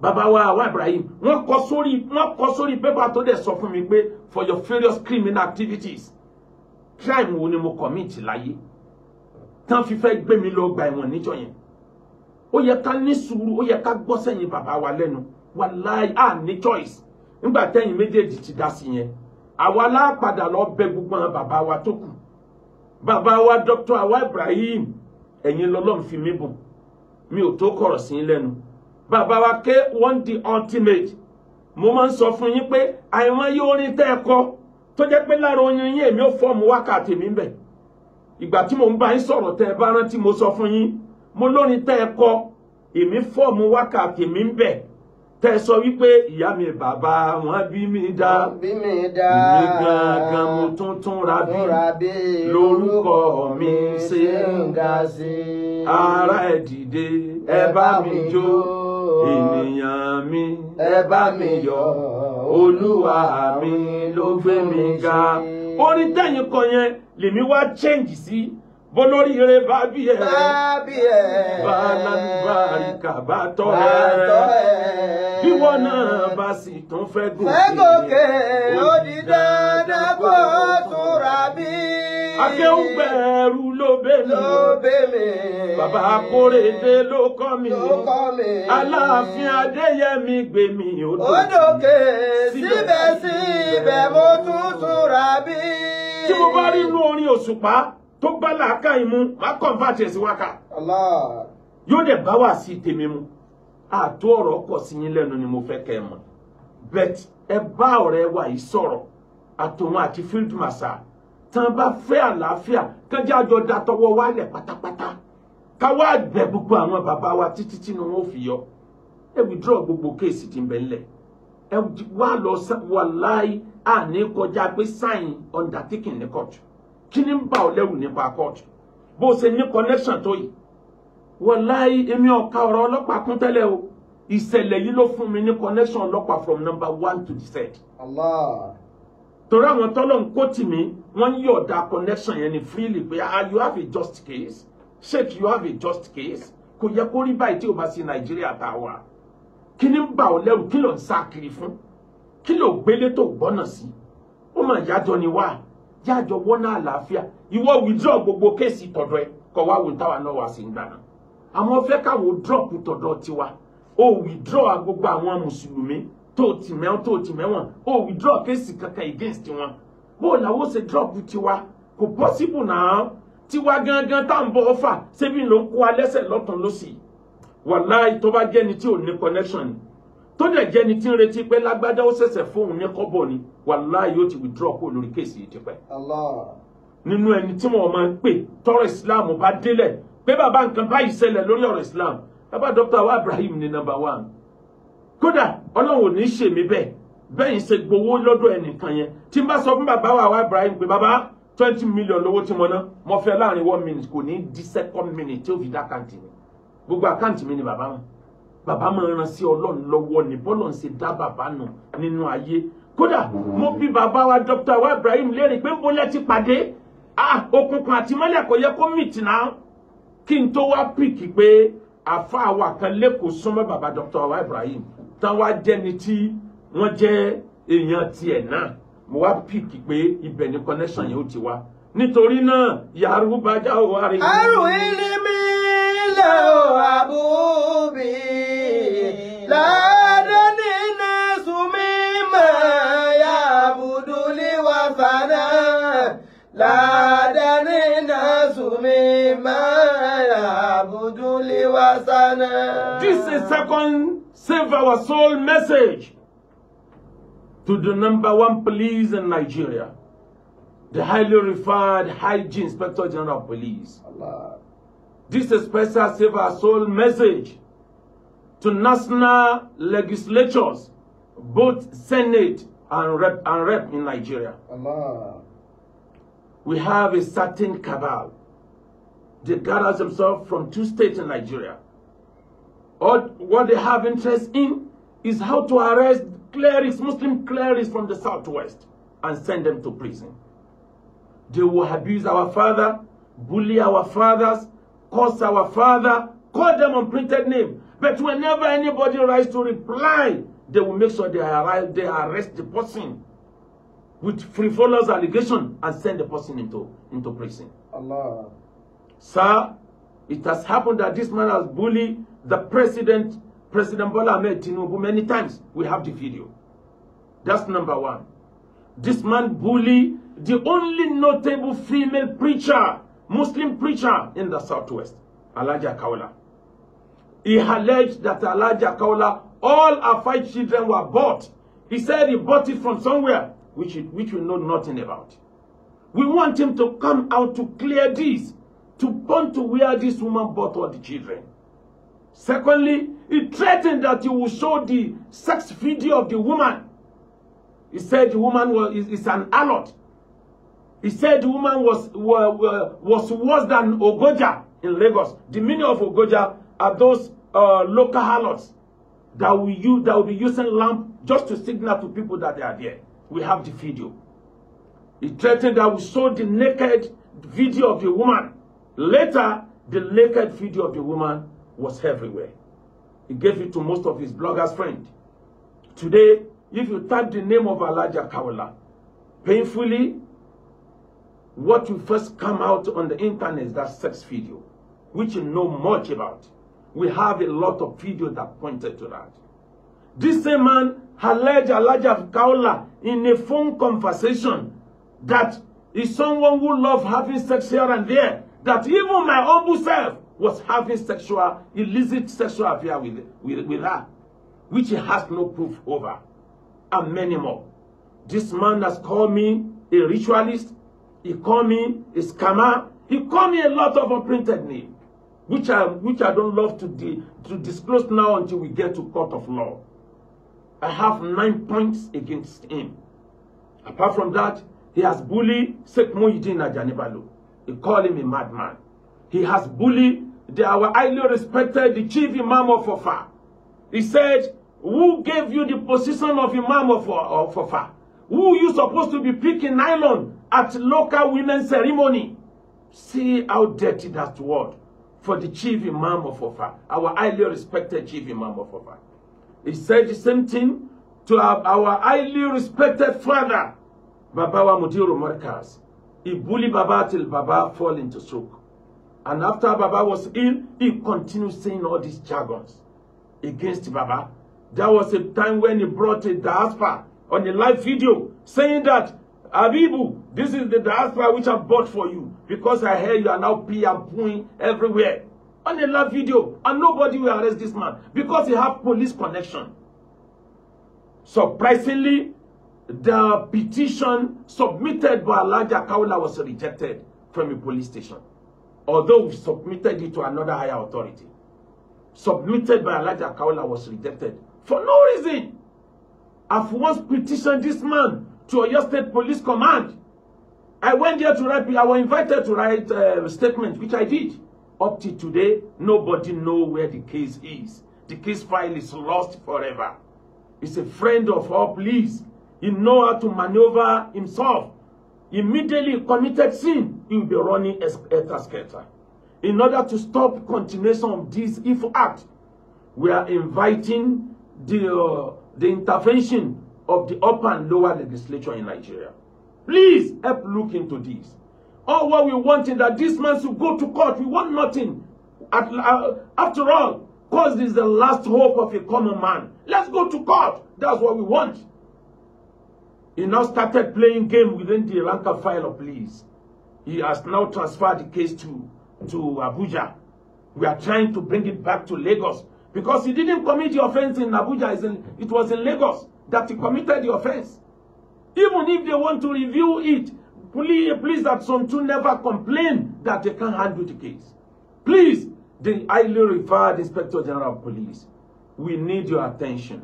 bàbá wa àwa Ibrahim wọ́n kọ sórí wọ́n kọ sórí pépà tó dẹ̀ sọ fún mi pé for your various criminal activities crime wo ni mo commit láyé tán fi fẹ́ gbé mi lọ gba ẹ̀wọ̀n níjọ́ yẹn ó yẹ ká ní sùúrù ó yẹ ká gbọ́ sẹ́yìn bàbá wa lẹ́nu wàláì à ní choice nígbà tẹ́yìn méjèèjì ti dá sí yẹn àwa lápadà lọ bẹ gbogbo àwọn bàbá wa tó kù bàbá wa Dr. Awa Ibrahim ẹ̀yin lọ́lọ́run fi mí bùn mi ò tó kọ̀rọ̀ sí lẹ́nu bàbá wa ké one the ultimate mo máa ń sọ fún yín pé àìmọye orin tẹ́ ẹ kọ tó jẹ́ pé lára oyin yín èmi ò fọ́ọ̀mù wákàtí mi bẹ̀ ìgbà tí mo ń bá yín sọ̀rọ̀ tẹ́ ẹ bá rántí mo sọ fún yín mo lórin tẹ́ ẹ kọ èmi fọ́ọ̀mù wákàtí mi bẹ̀ tẹ sọ wípé ìyá mi bàbá wọn bí mi dá bí mi dá èmi gangan mo tún tún ra bí lórúkọ mi ṣe ń ga sí i ará ẹ dìde ẹ bá mi jó ènìyàn mi ẹ bá mi yọ̀ olúwa mi ló gbé mi ga orin tẹ̀yìn kan yẹn lèmi wá change sí. Si bolórí rẹ babie, babie, ẹ bá lálùbáríkà bá tọ́ ẹ bí wọn náà bá sì tún fẹ́ gòkè. Ake gòkè ó di dandan kó tura bí. akéwùgbẹ̀rù ló bẹ̀ mí. ló bẹ̀ mí. bàbá kórèdé ló kọ́ mi. ló kọ́ mi. aláàfin adéyẹmí gbé mi ó dòkè. ó mo tún tura mo orin òṣùpá tó bá làákàyè mu máa convert ẹ̀ sí wákà yóò dẹ̀ bá wà sí tèmi mu àtó ọ̀rọ̀ kọ̀ sí yín lẹ́nu ni mo fẹ́ kẹ́ ẹ mọ̀ bet ẹ bá ọ̀rẹ́ wa yìí sọ̀rọ̀ àtòun àti field marshal tán bá fẹ́ àlàáfíà kánjá àjọ datọwọ́ wálẹ̀ pátápátá ká wá gbẹ gbogbo àwọn bàbá wa títí tí ni wọ́n fi yọ ẹ withdraw gbogbo kéèsì tí ń bẹ ńlẹ̀ ẹ wá lọ wà láì àní kọjá pé sign undertaking ní kóòtù kí ni ń bà ọ́ lẹ́rù nípa kóòtù bó ṣe ní connection tó yìí wàláì èmi ọ̀ka ọ̀rọ̀ ọlọ́pàá kún tẹ́lẹ̀ o ìṣẹ̀lẹ̀ yìí ló fún mi ní connection ọlọ́pàá from number one to the third. Allah. torí àwọn tọ́lọ̀ ń kó tì mí wọ́n ń connection yẹn ní freely pé ah you have a just case sheikh you have a just case kò yẹ kó rí báyìí tí o bá sí nàìjíríà tá a wà kí ni ń bà ọ́ lẹ́rù kí ló ń sá kiri fún kí ló gbélé tó gbọ́nà sí ó mà ni wá jájọ wọ́n náà àlàáfíà ìwọ withdraw gbogbo kéèsì tọ̀dọ̀ ẹ kọ̀ wá wòlítà wa náà wá sí gbà náà àmọ́ fẹ́ káwọ́ drop tọ̀dọ̀ tiwa ó withdraw gbogbo àwọn mùsùlùmí tó ti mẹ́wọ̀n tó ti mẹ́wọ̀n ó withdraw kéèsì kankan against wọn bó làwọn ṣe drop tiwa kò possible náà tiwa gangan tá à ń bọ ọfà ṣébi ló ń kó alẹ́sẹ̀ lọ́tàn lọ́sì wàláì tó bá jẹ́ni tí ò ní connection ni tó dẹ̀ jẹ́ ni tí ń retí pé lágbájá ó ṣẹ̀ṣẹ̀ fóun ní kọ́bọ̀ ni wàláhì yóò ti withdraw kó lórí kéèsì yìí tipẹ́. nínú ẹni tí wọn máa ń pè tọrọ islam bá délẹ̀ pé bàbá nǹkan báyìí ṣẹlẹ̀ lórí ọ̀rọ̀ islam bàbá dr awa ibrahim ni number one kódà ọlọ́run ò ní ṣèmí bẹ́ẹ̀ bẹ́ẹ̀ ṣe gbowó lọ́dọ̀ ẹnìkan yẹn tí n bá sọ fún bàbá awa ibrahim pé bàbá twenty million lówó tí mo ná mo fẹ́ láàrin one minute kò ní di second minute tí ó fi dá àkáǹtì mi gbogbo àkáǹtì mi ni bàbá wọn. Baba máa ran sí ọlọ́run lọ́wọ́ ni bọ́lọ́run ṣe dá bàbá nù nínú ayé kódà mo bí bàbá wa dr wa ibrahim léèrè pé mo lẹ́ ti pàdé òkùnkùn àti mọ́lẹ̀ kò yẹ kó mìtì náà kí n tó wá pìkì pé àfáà wa kan lẹ́kọ̀ọ́ súnmọ́ bàbá dr wa ibrahim tán wá jẹ́ni tí wọ́n jẹ́ èèyàn tiẹ̀ náà mo wá pìkì pé ibẹ̀ ni connection yẹn ó ti wá nítorí náà yàrá bàjá òwárí. ẹrù ilé mi lè o àbúbí. This is second save our soul message to the number one police in Nigeria. The highly referred High Inspector General of Police. Allah. This is special save our soul message to national legislatures, both Senate and rep, and rep in Nigeria. Allah. We have a certain cabal that gathers themselves from two states in Nigeria. All, what they have interest in is how to arrest clerics, Muslim clerics from the southwest and send them to prison. They will abuse our father, bully our fathers, curse our father, call them on printed name, but whenever anybody writes to reply, they will make sure they, arrive, they arrest the person with frivolous allegation and send the person into, into prison. Allah. Sir, it has happened that this man has bullied the president, President Bola Ahmed Tinubu many times. We have the video. That's number one. This man bullied the only notable female preacher, Muslim preacher in the Southwest, Elijah Kaula. He alleged that Alaja Kaula, all our five children were bought. He said he bought it from somewhere, which, it, which we know nothing about. We want him to come out to clear this, to point to where this woman bought all the children. Secondly, he threatened that he will show the sex video of the woman. He said the woman was, is, is an harlot. He said the woman was, was, was worse than Ogoja in Lagos. The meaning of Ogoja are those uh, local halots that will, use, that will be using lamp just to signal to people that they are there. We have the video. He threatened that we saw the naked video of the woman. Later, the naked video of the woman was everywhere. He gave it to most of his bloggers' friends. Today, if you type the name of Elijah Kawala, painfully, what will first come out on the internet is that sex video, which you know much about. We have a lot of videos that pointed to that. This same man alleged Elijah Kaula in a phone conversation that is someone who loves having sex here and there, that even my humble self was having sexual, illicit sexual affair with, with, with her, which he has no proof over, and many more. This man has called me a ritualist, he called me a scammer, he called me a lot of unprinted names which I, which I don't love to, di to disclose now until we get to court of law. I have nine points against him. Apart from that, he has bullied Sheikh Muhyiddin Ajanibalu. He called him a madman. He has bullied the, our highly respected the chief imam of Ofa. He said, who gave you the position of imam of, of Ofa? Who you supposed to be picking nylon at local women's ceremony? See how dirty that word for the chief imam of Ofa, our highly respected chief imam of Ofa. He said the same thing to our highly respected father, Baba wa Mudiru Markaz. He bullied Baba till Baba fall into stroke. And after Baba was ill, he continued saying all these jargons against Baba. There was a time when he brought a diaspora on a live video saying that Abibu, this is the diaspora which I bought for you because I hear you are now piyabooing everywhere. On a live video, and nobody will arrest this man because he has police connection. Surprisingly, the petition submitted by Alhaji Kaula was rejected from a police station. Although we submitted it to another higher authority. Submitted by Alhaji Kaula was rejected for no reason. I've once petitioned this man to Oyo State Police Command. I went there to write, I was invited to write a uh, statement, which I did. Up to today, nobody know where the case is. The case file is lost forever. He's a friend of all police. He know how to maneuver himself. Immediately committed sin, he will be running a Etascata. In order to stop continuation of this evil act, we are inviting the, uh, the intervention of the upper and lower legislature in Nigeria. Please help look into this. All what we want is that this man should go to court. We want nothing. Uh, after all, cause is the last hope of a common man. Let's go to court. That's what we want. He now started playing game within the rank and file of police. He has now transferred the case to, to Abuja. We are trying to bring it back to Lagos because he didn't commit the offense in Abuja, it was in Lagos that he committed the offense. Even if they want to review it, please, please that some two never complain that they can't handle the case. Please, the highly referred Inspector General of Police, we need your attention.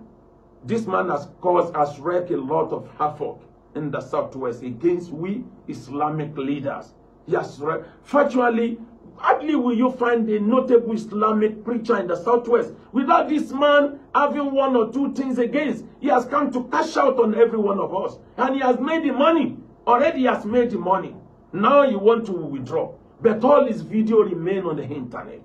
This man has caused us wreak a lot of havoc in the Southwest against we Islamic leaders. Yes, right. Virtually, Hardly will you find a notable Islamic preacher in the southwest without this man having one or two things against. He has come to cash out on every one of us. And he has made the money. Already he has made the money. Now you want to withdraw. But all his video remain on the internet.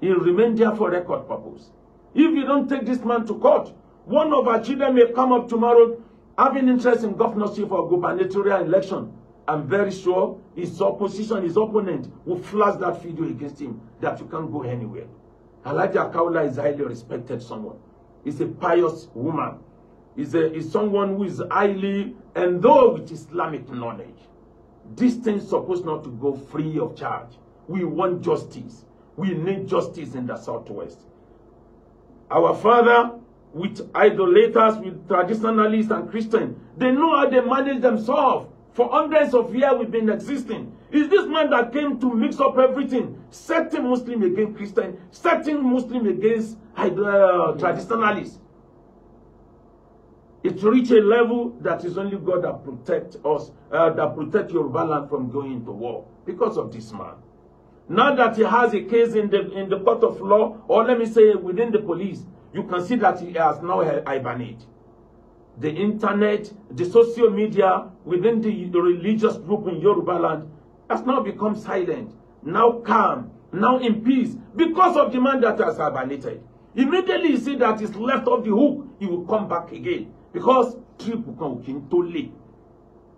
It remain there for record purpose. If you don't take this man to court, one of our children may come up tomorrow having interest in governorship or gubernatorial election I'm very sure his opposition, his opponent, will flash that video against him that you can't go anywhere. Alaja Kaula is highly respected someone. He's a pious woman. He's, a, he's someone who is highly endowed with Islamic knowledge. This thing supposed not to go free of charge. We want justice. We need justice in the Southwest. Our father, with idolaters, with traditionalists and Christians, they know how they manage themselves. For hundreds of years we've been existing. Is this man that came to mix up everything, setting Muslim against Christian, setting Muslim against uh, traditionalists. It reached a level that is only God that protect us, uh, that protect your land from going into war because of this man. Now that he has a case in the in the court of law, or let me say within the police, you can see that he has now hibernated. the internet, the social media within the, the religious group in Yoruba land has now become silent, now calm, now in peace because of the man that has hibernated. Immediately you see that he's left off the hook, he will come back again because trip will come to late.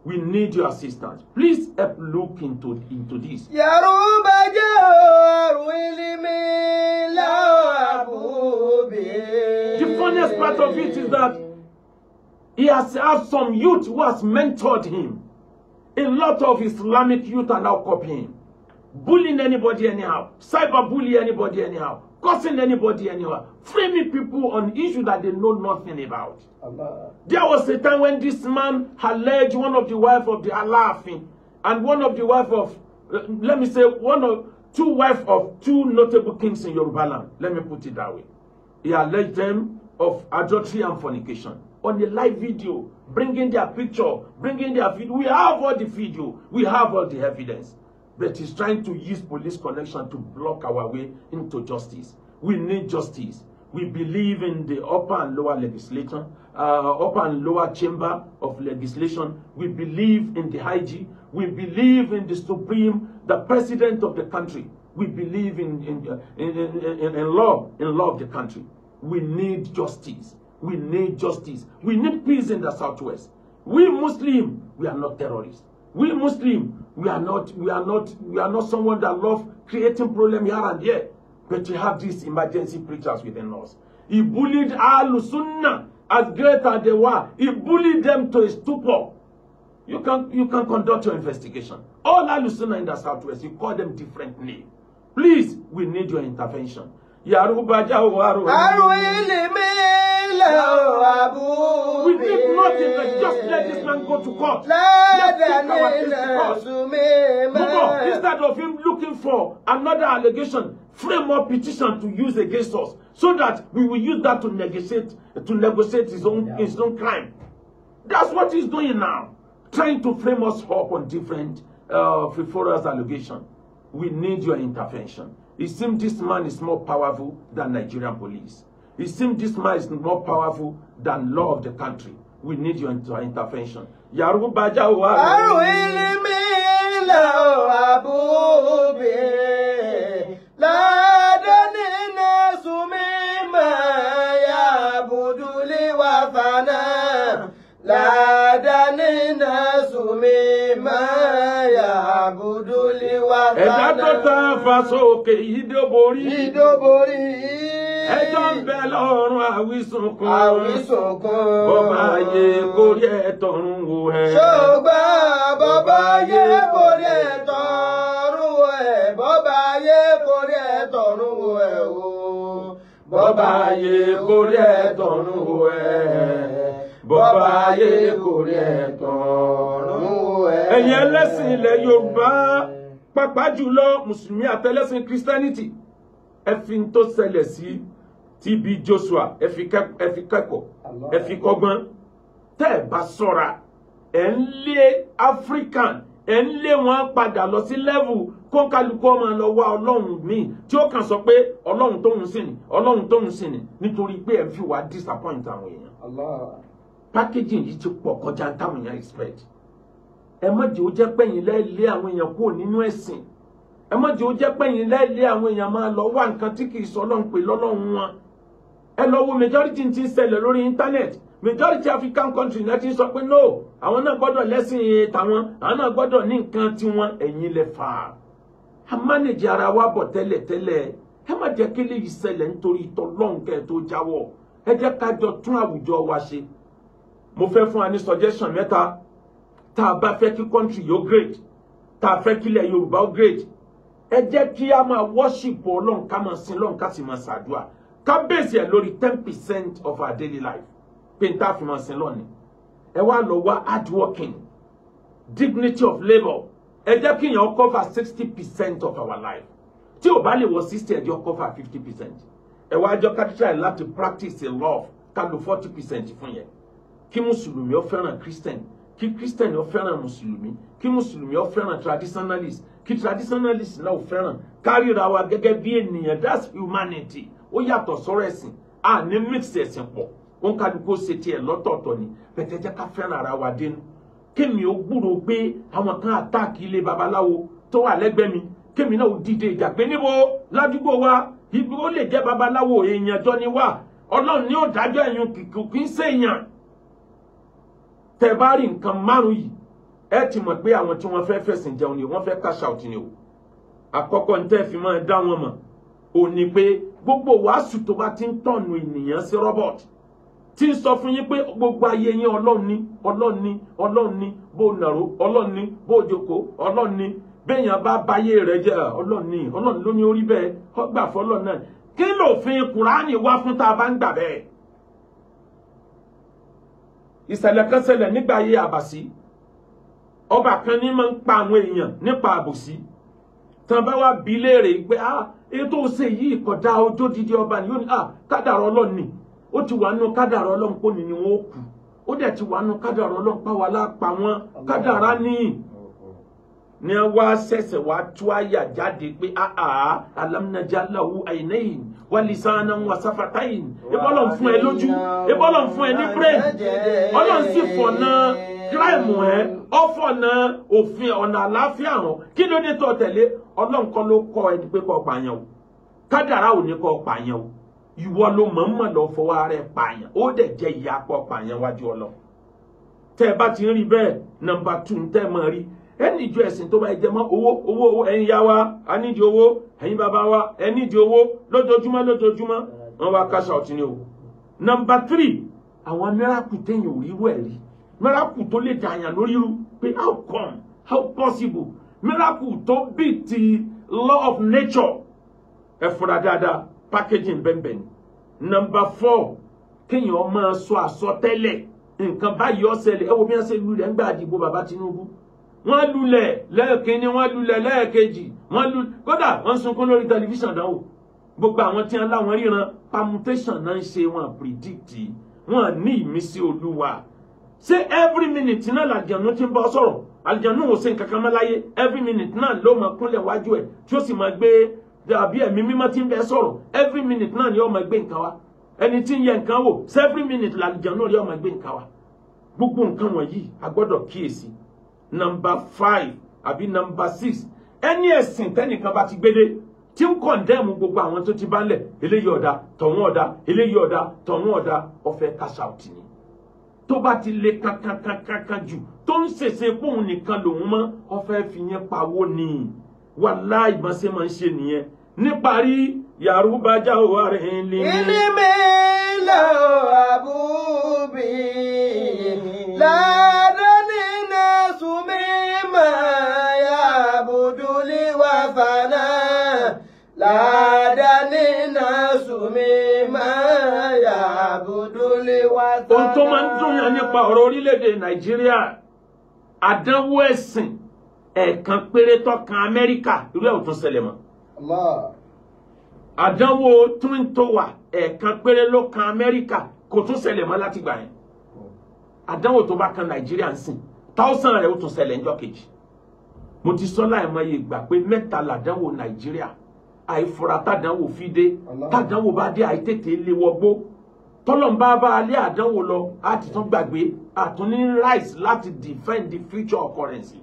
We need your assistance. Please help look into into this. The funniest part of it is that He has had some youth who has mentored him. A lot of Islamic youth are now copying. Bullying anybody anyhow. Cyberbullying anybody anyhow. Cursing anybody anyhow. Framing people on issues that they know nothing about. Allah. There was a time when this man alleged one of the wife of the Alaafin and one of the wife of, let me say, one of two wife of two notable kings in Yoruba land. Let me put it that way. He alleged them of adultery and fornication on a live video, bringing their picture, bringing their video. We have all the video. We have all the evidence. But he's trying to use police connection to block our way into justice. We need justice. We believe in the upper and lower legislation, uh, upper and lower chamber of legislation. We believe in the IG. We believe in the supreme, the president of the country. We believe in, in, in, in, in, in law, in law of the country. We need justice. We need justice. We need peace in the Southwest. We Muslim, we are not terrorists. We Muslim, we are not, we are not, we are not someone that love creating problem here and there. But we have these emergency preachers within us. He bullied Al Sunnah as great as they were. He bullied them to a stupor. You can you can conduct your investigation. All Al Sunnah in the Southwest, you call them different name. Please, we need your intervention. Yaruba Jawaru. We did nothing but just let this man go to court. Let him go Instead of him looking for another allegation, frame up petition to use against us so that we will use that to negotiate to negotiate his own his own crime. That's what he's doing now, trying to frame us up on different uh, frivolous allegation. We need your intervention. It seems this man is more powerful than Nigerian police. It seems this man is more powerful than law of the country. We need your inter intervention. Ẹ̀dá tó ta fa sókè ìdóborí. Ìdóborí ẹjọ́ ń bẹ lọ́rùn àwísùnkún. àwísùnkún. bọ́bá ayé kórí ẹ̀ tọ̀run wò ẹ́. ṣùgbọ́n bọ́bá ayé kórí ẹ̀ tọ̀run wò ẹ́ bọ́bá ayé kórí ẹ̀ tọ̀run wò ẹ́ o. bọ́bá ayé kórí ẹ̀ tọ̀run wò ẹ́ bọ́bá ayé kórí ẹ̀ tọ̀run wò ẹ́. ẹ̀yin ẹlẹ́sìn Yorùbá pàápàá jùlọ mùsùlùmí àtẹlẹ́sìn Christianity ẹ fi tó ṣẹlẹ̀ sí. Si TB Joshua ẹ fi kẹ́kọ̀ọ́ ẹ fi kọ́gbọ́n tẹ́ ẹ bá ṣọ́ra ẹ ń lé African ẹ ń lé wọn padà lọ sí lẹ́vù kọ́ńkálukú ọmọ lọ wá ọlọ́run míì tí ó kàn sọ pé ọlọ́run tóun sì ni ọlọ́run tóun sì ni nítorí pé ẹ fi wá disappoint àwọn èèyàn. packaging yìí ti pọ̀ kọjá táwọn èèyàn expect ẹ má jẹ́ ó jẹ́ pẹ́yìn lẹ́ẹ̀lé àwọn èèyàn kúrò nínú ẹ̀sìn ẹ má jẹ́ ó jẹ́ pẹ́yìn lẹ́ẹ̀lé àwọn èèyàn máa lọ wá nǹkan tí kì í sọ ọlọ́run pè lọ́lọ́run wọn ẹ lọ wo majority ti ń ṣẹlẹ̀ lórí internet majority african country náà ti sọ pé no àwọn náà gbọ́dọ̀ lẹ́sìn tàwọn àwọn náà gbọ́dọ̀ ní nǹkan tiwọn ẹ̀yin lẹ fà á a manage ara wa bọ̀ tẹ́lẹ̀tẹ́lẹ̀ ẹ má jẹ́ kí eléyìí ṣẹlẹ̀ nítorí tọlọ́nkẹ́ tó jáwọ́ ẹ jẹ́ ká jọ tún àwùjọ wa ṣe mo fẹ́ fún wa ní suggestion mẹ́ta tá a bá fẹ́ kí country yóò great tá a fẹ́ kílẹ̀ yorùbá great ẹ jẹ́ kí a máa worship ọlọ́run ká máa sin ọlọ́run ká sì máa ṣàdúrà ká bèsì ẹ̀ lórí ten percent of our daily life pé n tá fi mọ̀ sí lọ́ni hard working dignity of labour ẹ jẹ́ kí èèyàn cover sixty percent of our life tí ò bá lè wọ sixty ẹ jẹ́ cover fifty percent ẹ wá jọ ká love to practice in love ká lo forty percent Fun yẹn kí mùsùlùmí ó fẹ́ràn christian kí christian ó fẹ́ràn mùsùlùmí kí mùsùlùmí ó fẹ́ràn traditionalist kí traditionalist la ó fẹ́ràn káríra wa gẹ́gẹ́ bí ènìyàn that's humanity ó yàtọ̀ sọ́rọ̀ ẹ̀sìn a ní mix ẹ̀sìn pọ̀ wọn kálukú ṣe tiẹ̀ lọ́tọ̀ọ̀tọ̀ ni bẹ̀tẹ̀ jẹ́ ká fẹ́ràn ara wa dénú kémi ó gbúròó pé àwọn kan àtáàkì ilé babaláwo tó wà lẹ́gbẹ̀ẹ́ mi kémi náà ó dìde ìjà níbo ládùúgbò wa ibi ó lè jẹ́ babaláwo èèyàn jọ ni wá ọlọ́run ní òdájọ́ ẹ̀yìn kìkì kì í ṣèèyàn tẹ́ bá rí nǹkan márùn yìí ẹ ti mọ̀ pé àwọn tí wọ́n fẹ́ fẹ̀sìn jẹun ni wọ́n fẹ́ cash out ni o àkọ́kọ́ ní tẹ́ fi máa dá wọn mọ̀ ò pé gbogbo wa su to ba tin tonu eniyan si robot tin so fun yin pe gbogbo aye yin olohun ni olohun ni olohun ni bo naro olohun ni bo joko olohun ni beyan ba baye re je olohun ni olohun lo ni ori be gba fo na kin lo fin quran wa fun ta ba ngba be isale kan nigba aye abasi oba kan ni ma npa awon eyan nipa abusi tan ba wa bi lere pe ètò òsè yìí kọjá ọjọ́ dídí ọba ni yóò ní ah kádàrọ̀ ọlọ́run ni ó ti wà nù kádàrọ̀ ọlọ́run pò ní ni wọ́n kú ó dẹ̀ ti wà nù kádàrọ̀ ọlọ́run pàwọ́ alápá wọn kádàrá níyì ni wá ṣẹ̀ṣẹ̀ wá tú àyà jáde pé àà alámúnájàláwù àìnẹ́yìn wàlìsánà wà sáfàtáyìn ebọ́lọ̀ ń fún ẹ lójú ebọ́lọ̀ ń fún ẹ ní brain ọlọ́run sì fọ̀ náà kíláìmù ẹ ọfọ̀nà òfin ọ̀nà àlàáfíà hàn kí ló dé tó tẹ̀lé ọlọ́run kọ́ ló kọ́ ẹni pé kọ́ pààyàn o kádàrá ò ní kọ́ pààyàn o ìwọ ló mọ̀ọ́mọ̀ lọ fọwọ́ ara ẹ pààyàn ó dẹ̀ jẹ́ ìyá pọ̀ pààyàn wájú ọlọ́run tẹ́ ẹ bá ti ń rí bẹ́ẹ̀ nọmba tù ń tẹ́ mọ́ rí ẹni ìjọ ẹ̀sìn tó bá jẹ mọ́ owó owó owó ya wa a nídìí owó ẹ̀yin bàbá wa ẹ nídìí owó lójoojúmọ́ lójoojúmọ́ wọn wá cash out ni o nọmba tírì àwọn mẹ́ràkù téèyàn ò wẹ̀ rí miracle tó lè dàyàn lórí irú pé how come how possible miracle tó bí ti law of nature ẹ fura dáadáa packaging bẹ́ẹ̀bẹ́ẹ̀ ni number four kéèyàn máa sọ àsọtẹ́lẹ̀ nǹkan báyìí ó ṣẹlẹ̀ ẹ wo bí wọ́n ṣe lulẹ̀ ń gbà àdìbò bàbá Tinubu wọ́n lulẹ̀ lẹ́ẹ̀kínní wọ́n lulẹ̀ lẹ́ẹ̀kejì wọ́n lulẹ̀ kódà wọ́n sunkún lórí tẹlifíṣàn dánwò gbogbo àwọn tí wọ́n láwọn ríran permutation náà ń ṣe wọn predict wọn ní ìmísí olúwa ṣé every minute náà làjànú ti ń bọ́ sọ̀rọ̀ àlìjànú ò ṣe nǹkan kan mọ́ every minute náà ló máa kúnlẹ̀ wájú ẹ̀ tí ó sì máa gbé dàbí ẹ̀mí mímọ́ ti ń bẹ every minute náà ni ó máa gbé nǹkan wá ẹni tí ń yẹ every minute làlìjànú rí ó máa gbé nǹkan wá gbogbo nǹkan wọ̀nyí a gbọ́dọ̀ kíyèsí number five Abi number six ẹni ẹ̀sìn tẹ́nìkan bá ti gbédé tí ń kọ̀ndẹ́mù gbogbo àwọn tó ti bá ń lẹ̀ eléyìí ọ̀dà tọ̀hún ọ̀dà eléyìí ọ̀dà tọ̀hún ọ̀dà ó cash out ni tó bá ti le kankankankan jù tó ń ṣèṣe póun nìkan lòun mọ́ ọ fi yẹn pawó ni wàláì máa ṣe máa ń ṣe nìyẹn níparí yàrúbá jáwọ́ rẹ̀ ń lé ní. lọ àbúbí láàárọ̀ nínú sùnmí máa yàbùdúlé wà fànáà ládàáni náà sùnmi máa yà àbùdúlé wá sára. ohun tó máa ń dùn yàn nípa ọ̀rọ̀ orílẹ̀-èdè nàìjíríà àdánwò ẹ̀sìn ẹ̀ẹ̀kan péré tọ́kan amẹ́ríkà irú ẹ̀ ò ṣẹlẹ̀ mọ́. àdánwò twin tower ẹ̀ẹ̀kan péré ló kan amẹ́ríkà kò tún ṣẹlẹ̀ mọ́ láti gbà yẹn àdánwò tó bá kan nàìjíríà ń sìn táwọsàn rẹ̀ ó tún ṣẹlẹ̀ ńjọ́ kejì mo ti sọ láìmọye ìgbà pé mẹ́ta làdánwò nàìjíríà àìfura tàdánwò fi dé tàdánwò bá dé àìtètè lé wọgbó tọ́lọ́mbà bá alẹ́ àdánwò lọ á ti tán gbàgbé àtúní rights láti defend the future occurrence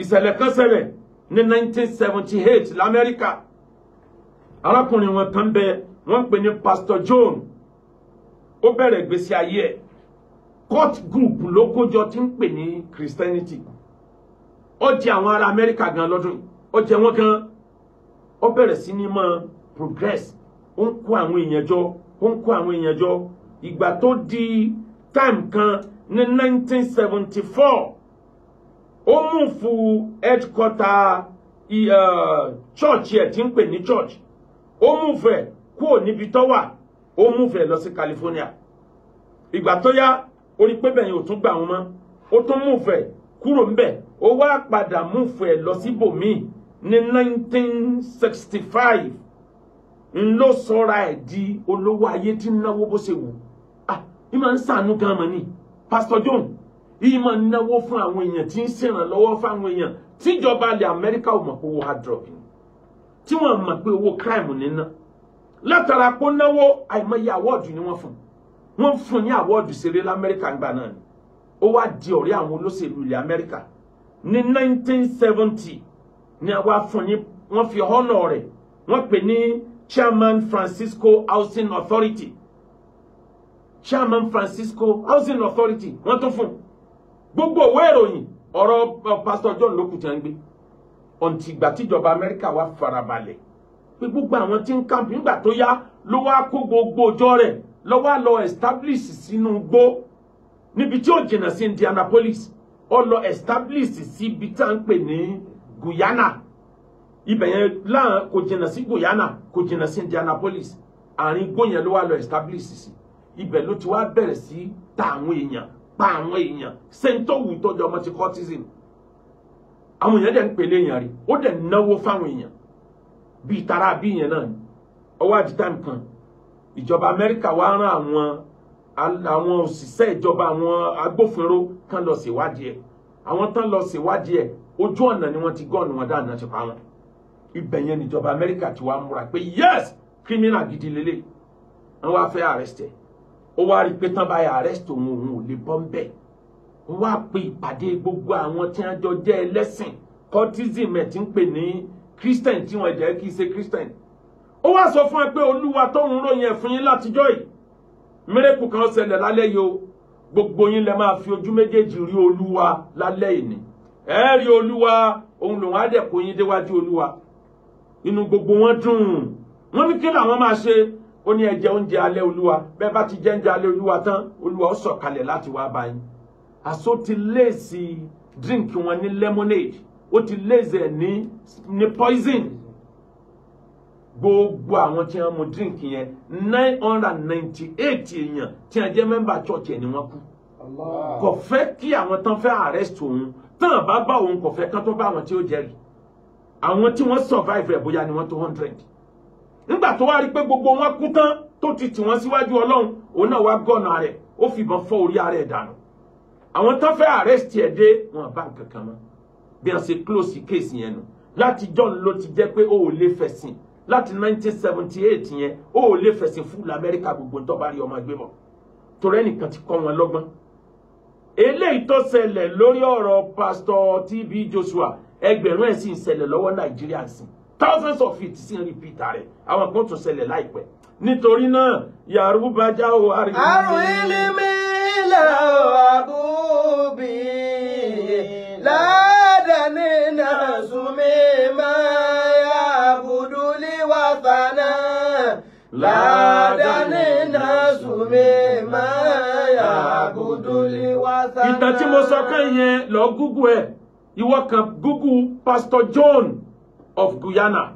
ìṣẹ̀lẹ̀ kan ṣẹlẹ̀ ní 1978 lamẹ́ríkà arákùnrin wọn kan bẹ wọ́n ń pè ní Pastor John ó bẹ̀rẹ̀ ìgbésí ayé ẹ̀ court group ló kójọ tí ń pè ní Christianity ó jẹ àwọn ará Amẹ́ríkà gan lọ́dún ó jẹ wọ́n gan ó bẹ̀rẹ̀ sí ní máa progress ó ń kó àwọn èèyàn jọ ó ń kó àwọn èèyàn jọ ìgbà tó di time kan ní 1974 ó mú fún headquarter uh, church yẹ tí ń pè ní church ó mú fẹ kúrò níbi tó wà ó mú fẹ lọ sí California ìgbà tó yá orí pé bẹ̀yìn ò tún gbà wọn mọ́ ó tún mú fẹ kúrò ńbẹ̀ ó wá padà mú fẹ lọ sí bòmíì ní 1965 ń ló ẹ̀ di olówó ayé tí ń náwó bó ṣe wù ah ìmọ̀ ń sànú gan mọ̀ ni Pastor John ìmọ̀ ń náwó fún àwọn èèyàn tí ń ṣèrànlọ́wọ́ fáwọn èèyàn tíjọba ilẹ̀ Amẹ́ríkà ò mọ̀ pé owó hard drug ni tí wọ́n mọ̀ pé owó crime níná látara pé náwó àìmọye àwọ́ọ̀dù ni wọ́n fún wọ́n fún ní àwọ́ọ̀dù ṣeré lamẹ́ríkà ńgbà náà ni ó wá di ọ̀rẹ́ àwọn olóṣèlú ilẹ̀ Amẹ́ríkà ní 1970 ni àwa fún ní wọ́n fi họ́nà rẹ̀ wọ́n pè ní chairman Francisco Housing Authority chairman Francisco Housing Authority wọ́n tún fún gbogbo òwe ìròyìn ọ̀rọ̀ eh, pastor John lókùn tí wọ́n ń gbé ọ̀ǹtìgbà tíjọba Amẹ́ríkà wá farabalẹ̀ pé gbogbo àwọn tí ń kàmpì nígbà tó yá ló wá kó gbogbo ọjọ́ rẹ̀ lọ́wọ́ lọ establish sínú gbó níbi tí ó jìnnà sí Indianapolis ó lọ establish síbi tá à ń pè ní. Guyana ibẹ̀ yẹn láàrín kò jìnnà sí Guyana kò jìnnà sí Indianapolis àárín gbóyẹn ló wà lọ establish sí ibẹ̀ ló ti wá bẹ̀rẹ̀ sí ta àwọn èèyàn pa àwọn èèyàn sẹ́ńtọ́wù tọ́jú ọmọ ti cortisone àwọn èèyàn dẹ̀ ń pèlè èèyàn rí ó dẹ̀ náwó fáwọn èèyàn bíi tara bíi yẹn náà ọwọ́ àdìtàn kan ìjọba Amẹ́ríkà wá rán àwọn àwọn òṣìṣẹ́ ìjọba àwọn agbófinró kan lọ ṣèwádìí ẹ̀ àwọn tán lọ ṣèwádìí ẹ̀ ojú ọ̀nà ni wọ́n ti gọ́ọ̀nù wọn dáná ti pa wọn ibẹ̀ yẹn níjọba amẹ́ríkà ti wá múra pé yes criminal gidi lélẹ̀ wọ́n wá fẹ́ arrest ẹ̀ ó wá rí i pé tán bá yà arrest òun òun ò lè bọ́ ń bẹ̀ wọ́n wá pe ìpàdé gbogbo àwọn tí wọ́n jọ jẹ́ ẹlẹ́sìn cultism ẹ̀ ti ń pè ní christian tí wọ́n jẹ́ kí í ṣe christian ó wá sọ fún ẹ pé olúwa tóun ròyìn ẹ̀ fún yín látijọ́ yìí mírèkù kan ṣẹlẹ̀ lálẹ́ yìí o gbogbo yín lẹ máa fi ojú méjèèjì rí olúwa lálẹ́ yìí ni ẹ rí olúwa òun lòun á dẹ̀ kó yín déwájú olúwa inú gbogbo wọn dùn wọn ní kí làwọn máa ṣe ó ní ẹ jẹ oúnjẹ alẹ́ olúwa bẹ́ẹ̀ bá ti jẹ oúnjẹ alẹ́ olúwa tán olúwa ó sọ̀kalẹ̀ láti wá bá yín àṣọ ti léèsì drink wọn ní lemonade ó ti léèsì ẹ ní ní poison gbogbo àwọn tí wọn mu drink yẹn nine hundred and ninety eight èèyàn tí wọn jẹ mẹ́mbà church ẹ ni wọn kú kò fẹ́ kí àwọn tán fẹ́ arrest òun tán bá bá òun kò fẹ́ kán tó bá àwọn tí ó jẹ́rìí àwọn tí wọ́n survive rẹ̀ bóyá ni wọ́n tó hundred nígbà tó wá rí pé gbogbo wọn kú tán tó ti tì wọ́n síwájú ọlọ́run òun náà wá gọ́nà rẹ̀ ó fìbọn fọ́ orí ara ẹ̀ dànù àwọn tán fẹ́ arrest ẹ̀ dé wọn bá nǹkan kan mọ́ bí wọ́n ṣe close case yẹn nù láti ló ti jẹ́ pé ó ò lè fẹ̀sìn láti 1978 yẹn ó ò lè fẹ̀sìn fún lamẹ́ríkà gbogbo tó bá rí ọmọ gbé bọ̀ torí ẹnìkan ti kọ́ wọn lọ́gbọ́n eléyìí tó ṣẹlẹ̀ lórí ọ̀rọ̀ pastor TB Joshua ẹgbẹ̀rún ẹ̀ sì ń ṣẹlẹ̀ lọ́wọ́ nàìjíríà sí thousands of it sì ń repeat rẹ̀ àwọn kan tún ṣẹlẹ̀ láìpẹ́ nítorí náà yaruba já o àrùn ilé mi là àbúbí ládàáni náà súnmí máa yá àbùdúlé wàtánà ládàáni náà súnmí ìtàn tí mo sọ kàn yẹn lọ gúgù ẹ̀ ìwọ kan gúgù Pastor John of Guyana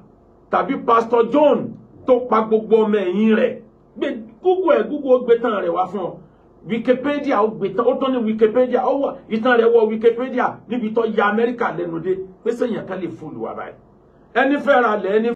tàbí Pastor John tó pa gbogbo ọmọ ẹ̀yìn rẹ̀ gbé gúgù ẹ̀ gúgù ó gbé tán rẹ̀ wá fún ọ wikipedia ó gbé tán ó tán ní wikipedia ó wà ìtàn rẹ̀ wọ wikipedia níbi tó ya amẹ́ríkà lẹ́nu dé pé sẹ́yìn kan lè fún olùwà báyìí ẹni fẹ́ ra lẹ̀ ẹni.